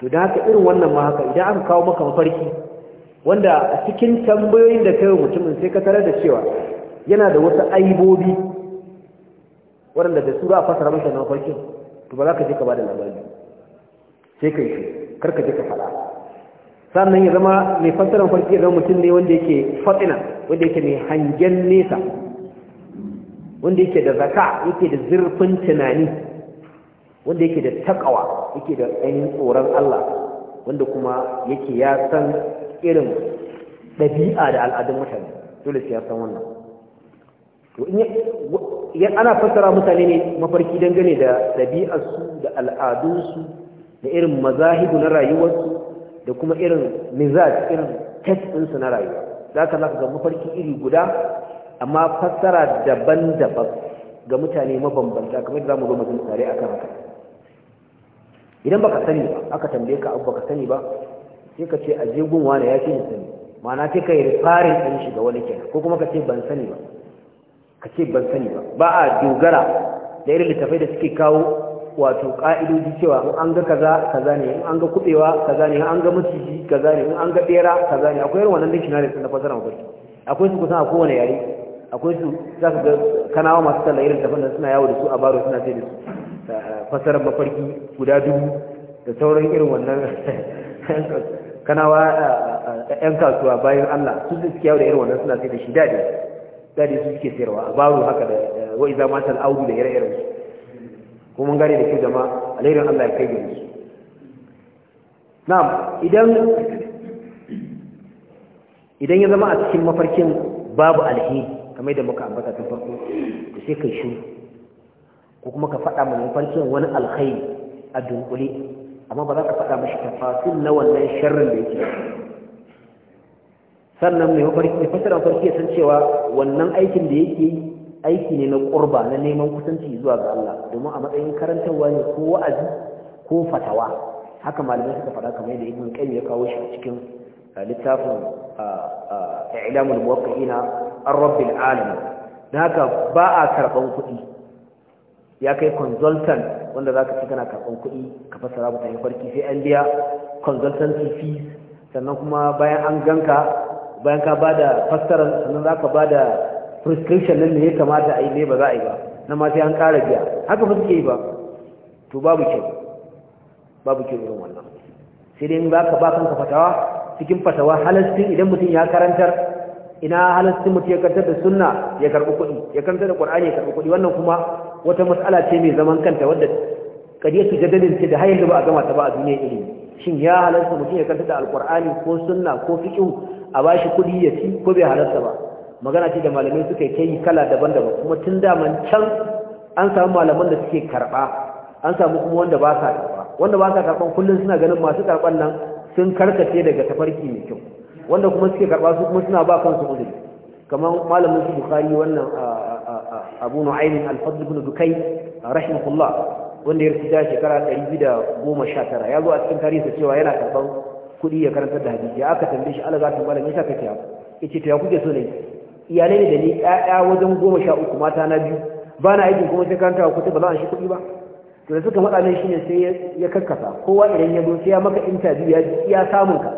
to da haka irin wannan ma haka idan aka kawo maka mafarki wanda a cikin tambayoyin da ka yi mutumin sai ka tarar da cewa yana da wasu aibobi waɗanda da su za a fasara masa na mafarkin to ba za ka je ka ba da labari sai ka yi shi karka ji ka fada sannan ya zama mai fassarar farki ya zama mutum ne wanda yake fatsina, wanda yake mai hangen nesa wanda yake da zaka yake da zurfin tunani wanda yake da takawa yake da ainihin tsoron Allah wanda kuma yake ya san irin ɗabi'a da al'adun mutane dole sai ya san wannan to in ana fassara mutane ne mafarki dangane da ɗabi'arsu da al'adunsu da irin mazahibu na rayuwarsu da kuma irin mizaj irin testinsu na rayuwa za ka za ka ga mafarki iri guda amma fassara daban-daban ga mutane mabambanta kamar da za mu zo mutum tare akan haka idan baka sani ba aka tambaye ka abu ka sani ba sai ka ce a je gun wani ya ce ni sani ma'ana sai ka yi rifarin ɗin shi ga wani kenan ko kuma ka ce ban sani ba ka ce ban sani ba ba a dogara da irin littafai da suke kawo wato ka'idoji cewa in an ga kaza kaza ne in an ga kubewa kaza ne in an ga maciji kaza ne in an ga bera kaza ne akwai irin wannan dictionary din na fasara mafarki akwai su kusan a kowane yare akwai su za ka ga kanawa masu talla irin daban da suna yawo da su a baro suna sai da su eh, fasarar mafarki guda dubu da sauran irin wannan [laughs] kanawa eh, eh, yan kasuwa bayan Allah su suke yawo da irin wannan suna sai da shi dadi dadi su suke sayarwa a baro haka da wa'iza matal audu da ire su ko mun gane da ke jama'a alairin Allah ya kai gare su na'am idan idan ya zama a cikin mafarkin babu alhi kamar yadda muka ambata tun farko to sai kai shi ko kuma ka faɗa mai mafarkin wani alhai a dunkule amma ba za ka faɗa mashi tafasil na wannan sharrin da yake sannan mai mafarki fasara mafarki ya san cewa wannan aikin da yake yi aiki ne na ƙurba na neman kusanci zuwa ga Allah domin a matsayin karantarwa ne ko wa'azi ko fatawa haka malamai suka faɗa kamar yadda ibn qayyim ya kawo shi cikin littafin i'lamul muwaqqi'ina ar-rabbil alamin dan haka ba a karban kuɗi ya kai consultant wanda zaka ci kana karban kuɗi ka fassara mutane farki sai an biya consultancy fees sannan kuma bayan an ganka bayan ka bada fassara, sannan zaka bada prescription nan ne ya kamata a yi ne ba za a yi ba na ma sai an ƙara biya haka ba suke yi ba to babu kyau babu kyau irin wannan sai dai in ba ka ba kanka fatawa cikin fatawa halastin idan mutum ya karantar ina halastin mutum ya karantar da sunna ya karɓi kuɗi ya karantar da ƙur'ani ya karɓi kuɗi wannan kuma wata matsala ce mai zaman kanta wadda kadiyatu jadalin ce da har ba a gama ta ba a duniya ilimi shin ya halasta mutum ya karanta da alkur'ani ko sunna ko fiqh a bashi kudi ya ci ko bai halarta ba magana ce da malamai suka yi kala daban-daban kuma tun daman can an samu malaman da suke karɓa an samu kuma wanda ba sa karɓa wanda ba sa karɓan kullum suna ganin masu karɓan nan sun karkace daga tafarki mai kyau wanda kuma suke karɓa su kuma suna ba kansu uzuri kamar malamin su bukari wannan abu nu'aymin al-fadl ibn dukai rahimahullah wanda ya rubuta shekara tara ya zo a cikin tarihi cewa yana karɓan kuɗi ya karanta da hadisi aka tambaye shi Allah za ta malamin ya saka ta yace ta ya kuke so ne iyalai ne da ni ƴaƴa wajen goma sha uku mata na biyu ba na aikin kuma sai karanta kuɗi ba za a shi kuɗi ba to da suka matsa shi shine sai ya karkasa kowa idan ya zo sai ya maka interview ya iya samun ka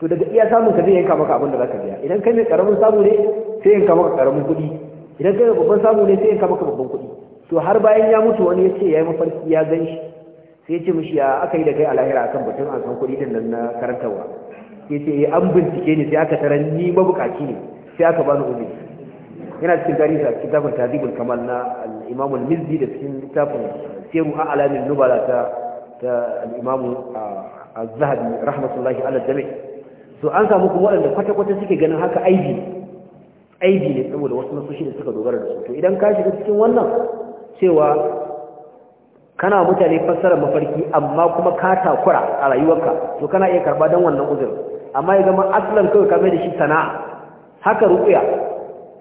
to daga iya samun ka zai yanka maka abin da zaka biya idan kai mai karamin samu ne sai yanka maka karamin kuɗi idan kai mai babban samu ne sai yanka maka babban kuɗi to har bayan ya mutu wani ya ce ya yi mafarki ya gan shi sai ce mishi ya aka yi da kai a lahira akan batun an san kuɗi din nan na karantarwa sai ce eh, an bincike ni sai aka tarar ni mabukaci ne sai aka bani uzuri yana cikin tarihi a kitabun tadibul kamal na al-imam al-mizzi da cikin kitabun siru a'lamin nubala ta ta al-imam ah, az-zahabi rahmatullahi ala jami' so an samu kuma waɗanda kwata-kwata suke ganin haka aibi aibi ne saboda wasu nasoshi da suka dogara da su to idan ka shiga cikin wannan cewa kana mutane fassara mafarki amma kuma ka takura a rayuwarka to kana iya karba dan wannan uzur amma ya zama aslan kawai ka mai da shi sana'a haka rukuya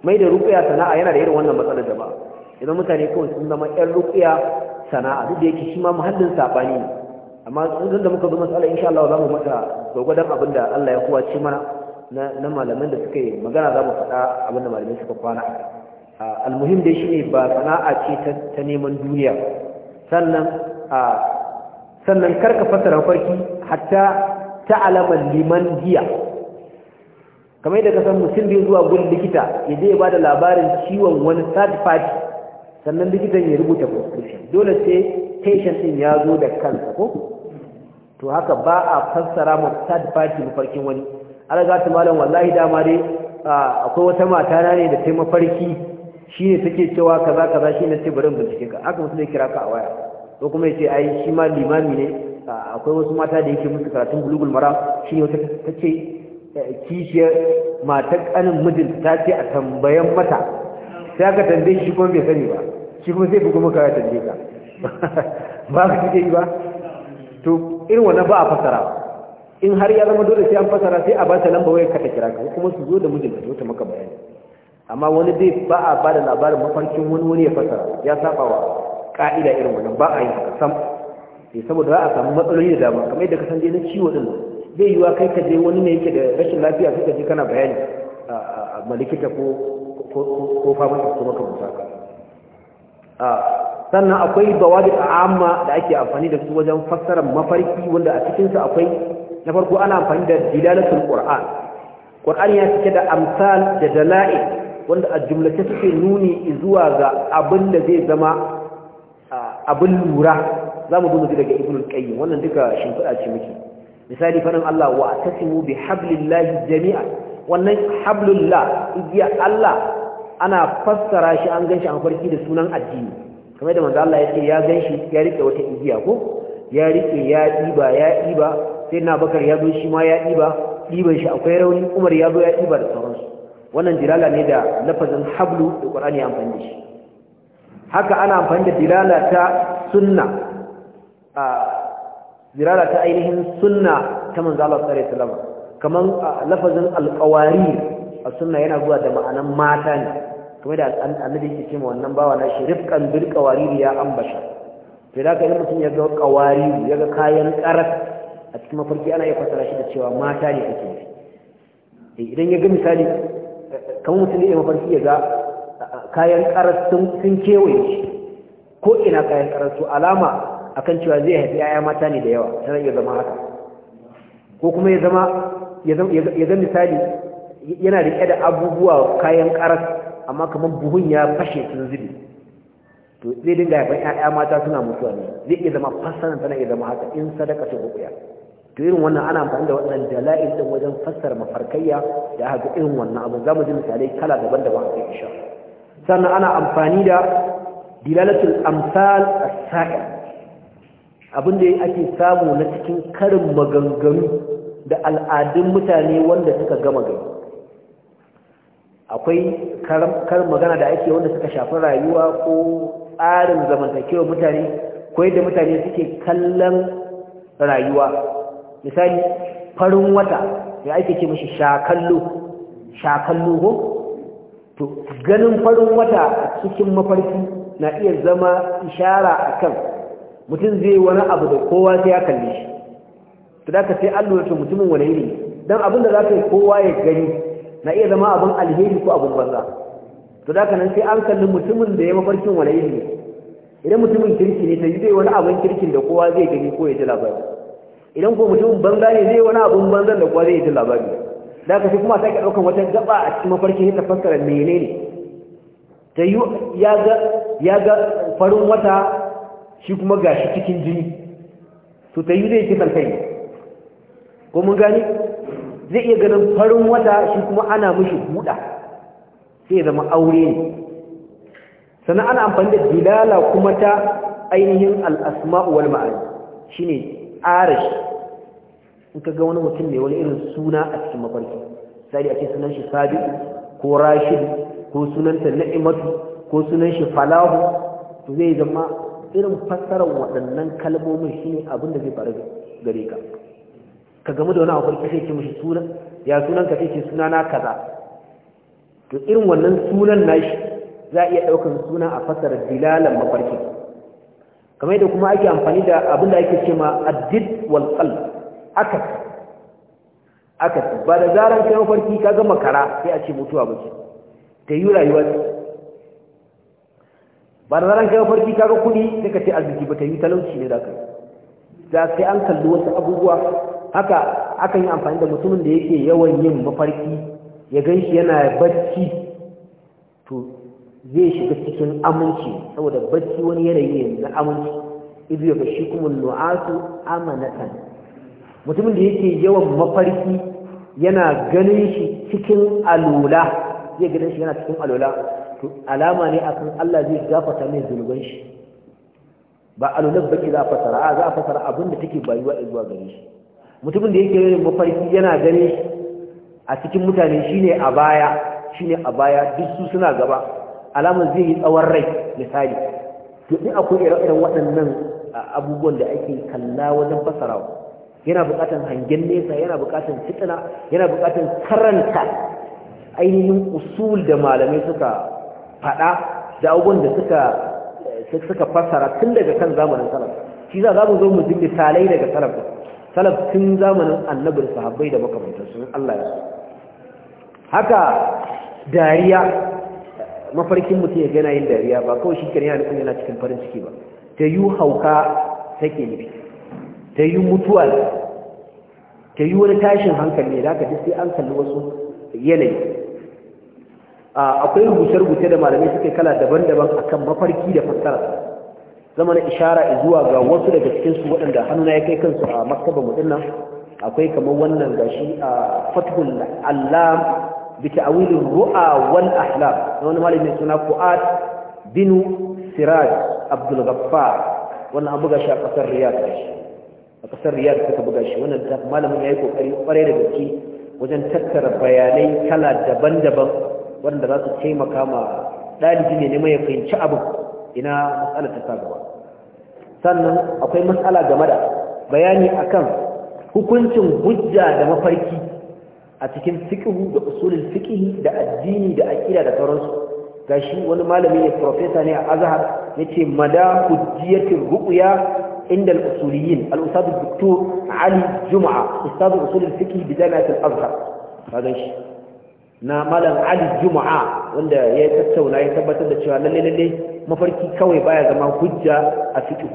mai da rukuya sana'a yana da irin wannan matsalar da ba idan mutane kawai sun zama yan rukuya sana'a duk da yake shi ma muhallin sabani ne amma tsanzan da muka zo matsala insha Allah za mu mata gwagwadon abin da Allah ya kuwace mana na malamin da suka yi magana za mu faɗa abin da malamai suka kwana almuhim dai shi ne ba sana'a ce ta neman duniya sannan sannan karka fasara farki hatta ta alaman liman jiya. kamar yadda ka san mutum bai zuwa gun likita ya je ba da labarin ciwon wani third party sannan likitan ya rubuta prescription dole sai patient ya zo da kansa ko to haka ba a fassara ma third party mafarkin wani za ta malam wallahi dama dai akwai wata mata na ne da ta mafarki ne take cewa kaza kaza shi ne sai bari bincike ka haka mutum zai kira ka a waya ko kuma ya ce ai shi ma limami ne akwai wasu mata da yake musu karatun mara shi ne wata ce. kishiyar matar kanin mijin ta ce a tambayan mata sai aka tambaye shi kuma bai sani ba shi kuma sai fi kuma kawai tambaye ka [laughs] ba ka cike yi ba to irin wannan ba a fasara in har ya zama dole sai an fasara sai a ba ta lamba waya kata kira ka kuma su zo da mijin ta zo ta maka bayani amma wani dai ba a ba da labarin mafarkin wani wani ya fasara ya saba wa ka'ida irin wannan ba a yi sam sai eh, saboda za a samu matsaloli da dama kamar yadda ka san dai na ciwo din nan zai wa kai ka je wani ne yake da rashin lafiya sai ka je kana bayani a malikita ko ko famata ko maka ka. sannan akwai bawadi amma da ake amfani da su wajen fassarar mafarki wanda a cikin akwai na farko ana amfani da dilalatul qur'an qur'ani ya cike da amsal da dala'i wanda a jumlace suke nuni zuwa ga abin da zai zama abin lura za mu zo daga ibn al-qayyim wannan duka shimfiɗa ce muke misali fannin Allah wa tasimu bi hablillahi jami'a wannan hablullah igiya Allah ana fassara shi an ganshi an farki da sunan addini kamar da manzo Allah ya ce ya ganshi ya rike wata igiya ko ya rike ya diba ya diba sai na bakar ya zo shi ma ya diba diban shi akwai rauni Umar ya zo ya diba da sauransu wannan dilala ne da lafazin hablu da Qur'ani ya amfani da shi haka ana amfani da dilala ta sunna a ah, zirara ta ainihin sunna ta manzo Allah sallallahu alaihi wasallam kaman lafazin alqawari a sunna yana zuwa da ma'anan mata ne kuma da annabi yake cewa wannan bawa na shi rifqan bil qawari ya ambasha sai da kai irin mutum ya ga qawari ya ga kayan qarat a cikin mafarki ana iya fasara shi da cewa mata ne eh idan ya ga misali kan mutum ya mafarki ya ga kayan qarat sun kewaye shi, ko ina kayan qarat su alama akan cewa zai haifi yaya mata ne da yawa tana ya zama haka ko kuma ya zama ya zama misali yana riƙe da abubuwa kayan karas amma kamar buhun ya fashe sun zubi to zai dinga haifan yaya mata suna mutuwa ne zai iya zama fassara tana ya zama haka in sadaka ta rukuya to irin wannan ana amfani da wannan dala'il din wajen fassara mafarkayya da haka irin wannan abu zamu ji misalai kala daban-daban a kai insha sannan ana amfani da dilalatul amsal as-sa'ir abin da ake samu na cikin karin maganganu da al'adun mutane wanda suka gama gari akwai karin magana da ake wanda suka shafi rayuwa ko tsarin zamantakewa mutane ko yadda mutane suke kallon rayuwa misali farin wata ya ake ce mashi shakallo shakallo ko to ganin farin wata cikin mafarki na iya zama ishara akan mutum zai wani abu da kowa sai ya kalli. shi to da ka sai an lura mutumin wani iri don abin da za ka yi kowa ya gani na iya zama abin alheri ko abin banza to da ka nan sai an kalli mutumin da ya mafarkin wani iri idan mutumin kirki ne ta yi zai wani abin kirkin da kowa zai gani ko ya ji labari idan ko mutumin banza ne zai wani abin banzan da kowa zai ji labari da ka sai kuma sake ɗaukan wata gaba a cikin mafarkin yadda fassara menene ta yi ya ga farin wata shi kuma gashi cikin jini to ta yi zai kisan kai ko mun gani zai iya ganin farin wata shi kuma ana mushi buɗa sai ya zama aure ne sannan ana amfani da dilala kuma ta ainihin al'asma'u wal ma'ani shi ne in ka ga wani mutum mai wani irin suna a cikin mafarki sai a ce sunan shi sabi ko rashid ko sunanta na'imatu ko sunan shi falahu zai zama irin fassarar waɗannan kalmomin shine abin da zai faru gare ka ka gamu da wani abu farki sai ce mishi suna ya sunan ka sai suna na kaza to irin wannan sunan na shi za a iya ɗaukar suna a fassara dilalan mafarki kamar yadda kuma ake amfani da abin da ake ce ma addid wal qalb akas akas ba da zaran kai mafarki ka ga makara sai a ce mutuwa ba ce ta yi rayuwa ba da zaran ta farki kaga kuɗi sai ka ce arziki ba ta yi talauci ne za ka za sai an kalli wasu abubuwa haka akan yi amfani da mutumin da yake yawan yin mafarki ya gan shi yana bacci to zai shiga cikin aminci saboda bacci wani yanayi ne na aminci idu ya gashi kuma nu'asu amanatan mutumin da yake yawan mafarki yana ganin shi cikin alula zai ganin shi yana cikin alula to alama ne akan Allah zai gafata mai zunuban shi ba alunan baki za a fasara a za a fasara abin da take bayuwa a zuwa gare shi mutumin da yake yin mafarki yana gane a cikin mutane shine a baya shine a baya duk su suna gaba alamar zai yi tsawon rai misali to din akwai irin waɗannan abubuwan da ake kalla wajen fasarawa yana buƙatar hangen nesa yana buƙatar fitina yana buƙatar karanta ainihin usul da malamai suka faɗa da abubuwan da suka suka fassara tun daga kan zamanin salaf shi za za mu zo mu jinni talai daga salaf salaf tun zamanin annabi da sahabbai da makamantansu Allah ya haka dariya mafarkin mutum ya gana yin dariya ba kawai shi kare yana yana cikin farin ciki ba ta yi hauka take nufi ta yi mutuwa ta yi wani tashin hankali ne da aka ji sai an kalli wasu yanayi akwai rubuce-rubuce da malamai suke kala daban-daban akan mafarki da fassara zama na ishara zuwa ga wasu daga cikinsu waɗanda hannuna ya kai kansu a maktaba mutum akwai kamar wannan gashi a fatihun allam bi ta'awilin ru'a wal ahlam na wani malami suna fu'ad binu siraj abdul ghaffar wannan an buga shi a ƙasar riyad a ƙasar riyad suka buga shi wannan malamin ya yi ƙoƙari, kwarai da gaske wajen tattara bayanai kala daban-daban wanda za su taimaka ma ɗalibi ne neman ya fahimci abu ina matsala ta sa gaba sannan akwai matsala game da bayani akan hukuncin hujja da mafarki a cikin fiqhu da usulin fiqhi da addini da aqida da sauransu gashi wani malami ne ne a Azhar yace mada hujjiyatir ru'ya عند الأصوليين الأستاذ ali juma'a جمعة usulin أصول الفقه بجامعة azhar هذا شيء na malam ali juma'a wanda ya tattauna ya tabbatar da cewa lalle lalle mafarki kawai baya zama hujja a fiqh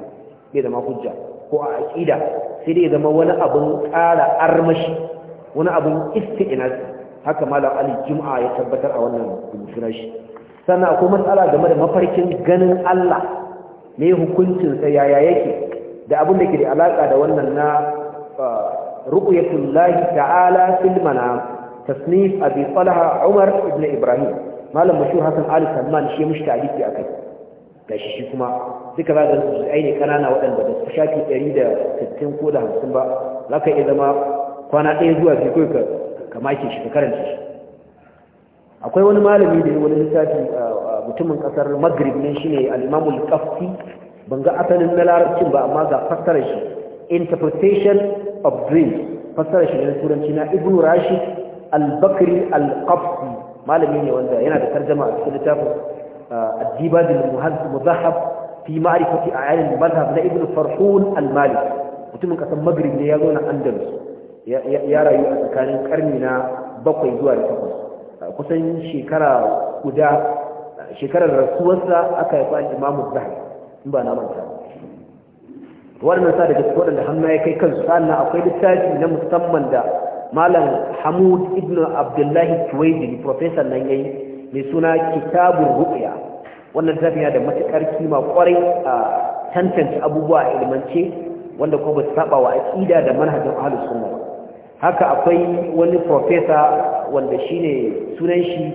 bai zama hujja ko a aqida sai dai zama wani abun ƙara armashi wani abun istiqnas haka malam ali juma'a ya tabbatar a wannan rubutu shi sannan akwai matsala game da mafarkin ganin Allah me hukuncin sa yaya yake da abin da ke da alaka da wannan na ah, ru'yatul lahi ta'ala fil manam tasnif abi talha umar ibn ibrahim malam mashu hasan ali salman shi mushi ta'liqi akai gashi shi kuma duka ba da su ai ne kanana waɗanda ba su da sittin ko da 50 ba zaka iya zama kwana ɗaya zuwa biyu kai ka kamake shi ka karanta shi akwai wani malami da wani a mutumin kasar maghrib ne shine al-imamu al-qafsi ban ga asalin na larabcin ba amma ga fassarar shi interpretation of dreams fassarar shi ne turanci na ibnu rashid al-bakri al-qafsi malami ne wanda yana da tarjama a cikin littafin uh, addiba da al-muzahhab fi ma'rifati a'yan al-madhhab na ibn farhun al-maliki mutumin kasan maghrib ne ya zo na andalus ya rayu a tsakanin karni na bakwai zuwa da takwas uh, kusan shekara guda uh, shekarar rasuwarsa aka haifa imamu zahabi in ba na manta wannan sa daga cikin waɗanda hannu ya kai kansu sannan akwai littafi na musamman da malam hamud ibn abdullahi tuwaidi profesa nan yayi mai suna kitabun ruqya wannan tafi da matukar kima kwarai a tantance abubuwa a ilmance wanda kuma ba su saba wa aqida da manhajin ahlus sunna haka akwai wani profesa wanda ne sunan shi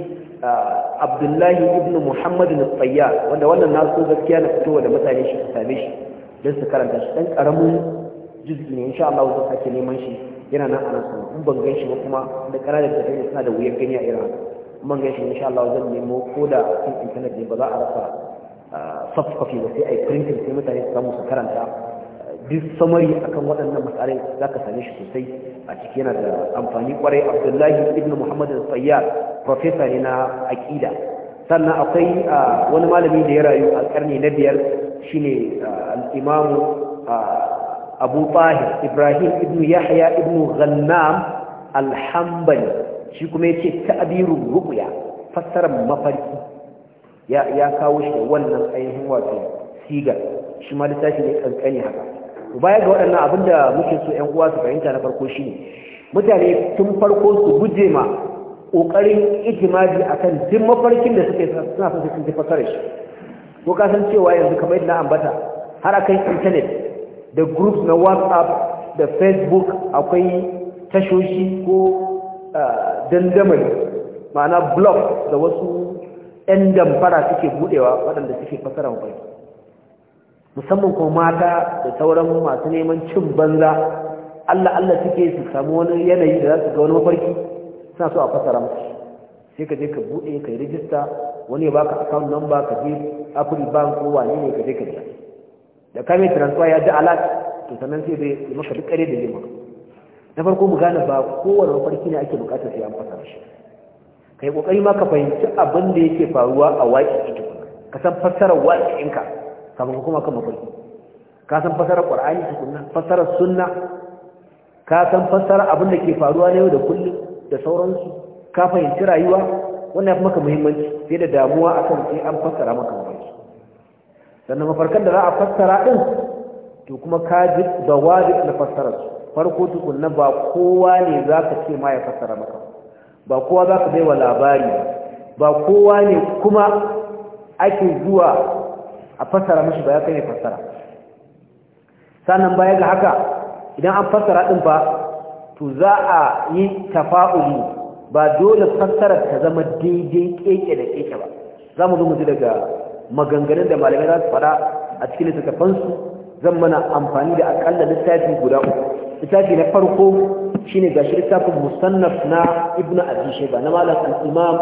abdullahi ibn muhammad al-tayyar wanda wannan na so gaskiya na fitowa da mutane shi su same shi don su karanta shi dan karamin juz'i ne insha Allah zai sake neman shi yana nan a nan in ban gan shi ba kuma da ƙananan da kai suna da wuyan gani a iran in ban gan shi insha Allah zan nemo ko da kan intanet ne ba za a rasa ah, soft copy ba sai a yi printing sai mutane su samu su karanta duk samari akan waɗannan matsalai za ka same shi sosai a ciki yana da amfani kwarai abdullahi ibn muhammad al-sayyar profesa ne na aƙida sannan akwai ah, wani malami da ya rayu a ƙarni na biyar shine ah, al-imamu abu tahir ibrahim ibn yahya ibn ghannam alhambali shi kuma ya ce ta'abirun rubuya fassarar mafarki ya kawo shi wannan ainihin wato sigar shi ma littafi ne kankani haka baya ga waɗannan abinda muke so 'yan uwa su fahimta na farko shine mutane tun farko su guje ma ƙoƙarin itimadi akan duk mafarkin da suke suna son su sun fassarar shi ko ka san cewa yanzu kamar yadda ambata har akan intanet da groups na whatsapp da facebook akwai tashoshi ko ah, dandamali ma'ana blog da wasu 'yan damfara suke budewa waɗanda suke fasara kwai musamman kuma mata da sauran masu neman cin banza allah allah suke su samu wani yanayi da za su ga wani mafarki suna so a fasara musu sai ka je ka bude ka yi rijista wani ya baka account number ka je apple bank ko wani ne ka je ka biya da kame transfer ya ji alat to sannan sai zai maka duk kare da lima. na farko mu gane ba kowane mafarki ne ake bukatar sai an fasa shi kai kokari ma ka fahimci abin da yake faruwa a waƙi ita ka san fassarar ka kafin kuma kan mafarki ka san fassarar ƙwar'ani kunna, fassarar sunna ka san fassarar abin da ke faruwa na yau da kullum da sauransu ka fahimci rayuwa wannan ya maka muhimmanci sai da damuwa akan sai an fassara maka mafarki sannan mafarkan da za a fassara ɗin to kuma ka ji da wajib na fassara su farko tukunna ba kowa ne za ka ce ma ya fassara maka ba kowa za ka baiwa labari ba kowa ne kuma ake zuwa a fassara mashi ba ya kai fassara sannan baya ga haka idan an fassara ɗin ba to za a yi tafa'uli ba dole fassara ta zama daidai keke da keke ba za mu zo mu ji daga maganganun da malamai za su fara a cikin littattafansu zan mana amfani da akalla littafi guda uku littafi na farko shine gashi littafin musannaf na ibn abi shayba na malam al-imam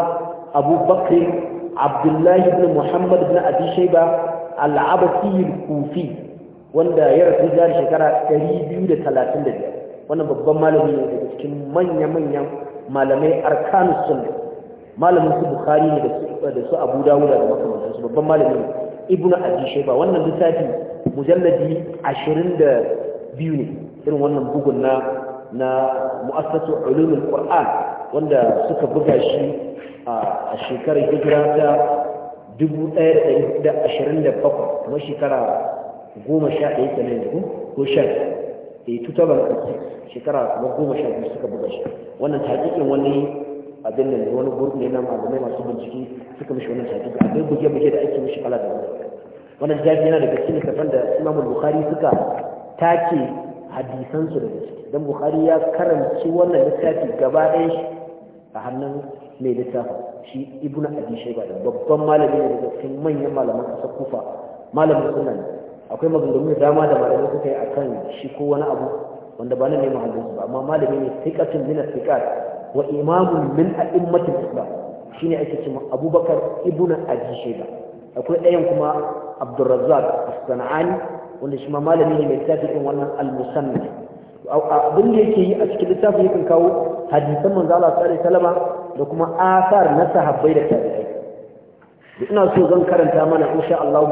abu bakr abdullahi ibn muhammad ibn abi shayba al-abasi al-kufi wanda ya rasu jari shekara 235 wannan babban malami ne daga cikin manya-manyan malamai arkanus sunna malamin su bukhari ne da su abu dawuda da makamantar babban malamin ibnu abi shayba wannan lissafi mujalladi 22 ne irin wannan bugun na na mu'assatu ulumul qur'an wanda suka buga shi a shekarar hijira ta 1127 kuma shekara 11 kenan yanzu ko 10 eh 2006 shekara 12 suka buga shi wannan taqiqin wani abin da wani gurbi ne na malamai masu bincike suka mishi wannan tafi akwai buge-buge da ake mishi kala da wani wannan jafi yana daga cikin littafin da imam bukhari suka take hadisansu da ciki don bukhari ya karanci wannan littafi gaba ɗaya shi a hannun mai littafin shi ibnu abi shayba da babban malami ne daga cikin manyan malaman ƙasar kufa malamin sunan, akwai maganganu dama da malamai suka yi akan shi ko wani abu wanda ba nan ne mahallin ba amma malami ne fiqatun min fiqat wa imamun min a'immatul islam shine ake cewa abubakar ibnu abi shayba akwai ɗayan kuma abdurrazzaq as-sanani wanda shi ma malami ne mai littafi ɗin wannan al-musannaf abin da yake yi a cikin littafin yakan kawo hadisan Manzala, Allah sallallahu da kuma asar na sahabbai da tabi'ai ina so zan karanta mana insha Allah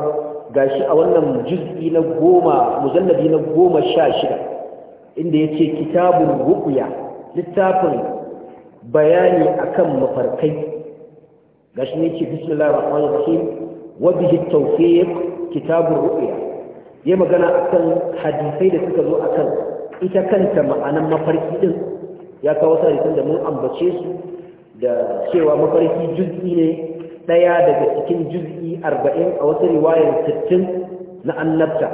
gashi a wannan juz'i na goma mujalladi na goma sha shida inda yace kitabun ruqya littafin bayani akan mafarkai gashi ne ce bismillahir rahmanir rahim wa bihi tawfiq kitabur ru'ya ya magana akan hadisai da suka zo akan ita kanta ma'anan mafarki din ya kawo sarikan da mun ambace su da cewa mafarki juz'i ne daya daga cikin juz'i 40 a wata riwayar 60 na annabta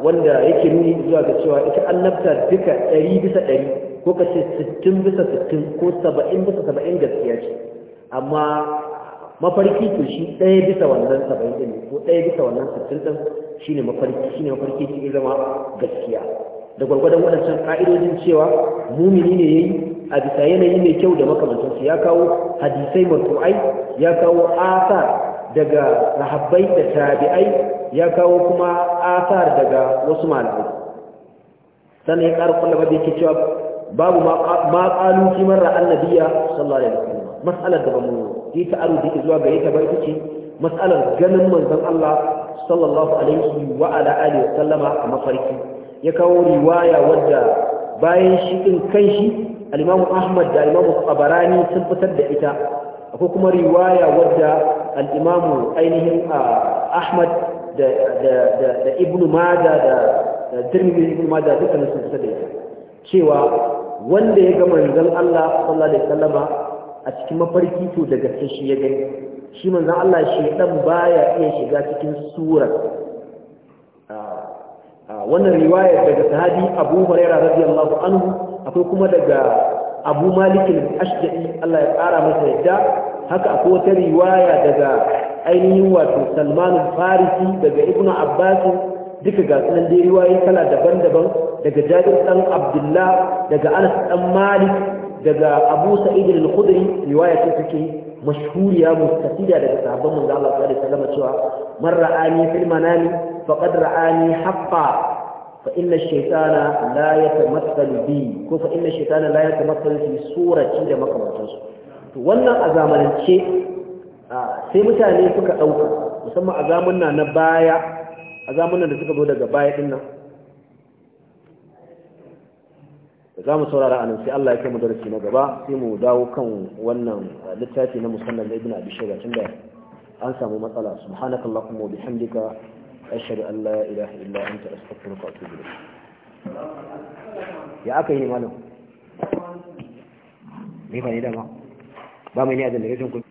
wanda yake nuni zuwa ga cewa ita annabta duka 100 bisa 100 ko ka ce sittin bisa sittin ko saba'in bisa saba'in gaskiya ce amma mafarki to shi ɗaya bisa wannan saba'in ɗin ko ɗaya bisa wannan sittin ɗin shi ne mafarki shi ne mafarki shi ne zama gaskiya da gwargwadon waɗancan ƙa'idojin cewa mumini ne ya yi a bisa yanayi mai kyau da makamantansu ya kawo hadisai marfu'ai ya kawo asa daga rahabbai da tabi'ai ya kawo kuma asar daga wasu malamai sannan ya ƙara kwallaba da yake cewa babu ma qalu annabiya sallallahu alaihi wasallam mas'alar da bamu yi ta'arudi zuwa gare ta ba ita mas'alar ganin manzon Allah sallallahu alaihi wa ala alihi wasallama a mafarki ya kawo riwaya wadda bayan shi din kai shi al-Imam Ahmad da Imam Tabarani sun fitar da ita akwai kuma riwaya wadda al-Imam ainihin Ahmad da da da Ibn Majah da Tirmidhi Ibn Majah dukkan sun fitar da ita cewa wanda ya ga manzon Allah sallallahu alaihi a cikin mafarki to daga gaske shi ya gani shi manzon Allah shedan baya iya shiga cikin surar ah, ah, wannan riwaya daga sahabi Abu Hurairah radiyallahu anhu akwai kuma daga Abu Malik al-Ashja'i Allah ya kara masa yadda haka akwai wata riwaya daga ainihin wato Salman farisi daga ibnu Abbasi. duka ga sunan dai riwayoyi kala daban-daban daga Jabir dan Abdullah daga Anas dan Malik daga Abu Sa'id al-Khudri riwaya ce take mashhuriya mustafida daga sahabban manzo Allah sallallahu alaihi wasallam cewa man ra'ani fil manami faqad ra'ani haqqan fa inna ash-shaytana la bi ko fa inna ash-shaytana la fi surati da makamantansu to wannan a zamanance sai mutane suka dauka musamman a na, na baya a zamanin da suka zo daga baya din nan da za mu saurara anan sai Allah ya kai mu darasi na gaba sai mu dawo kan wannan littafi na musallan ibn abi shayba tunda an samu matsala subhanakallahumma wa bihamdika ashhadu an la ilaha illa anta astaghfiruka wa atubu ilayk ya aka yi malam ni ba ne dama ba mai ne a dalilin kuɗi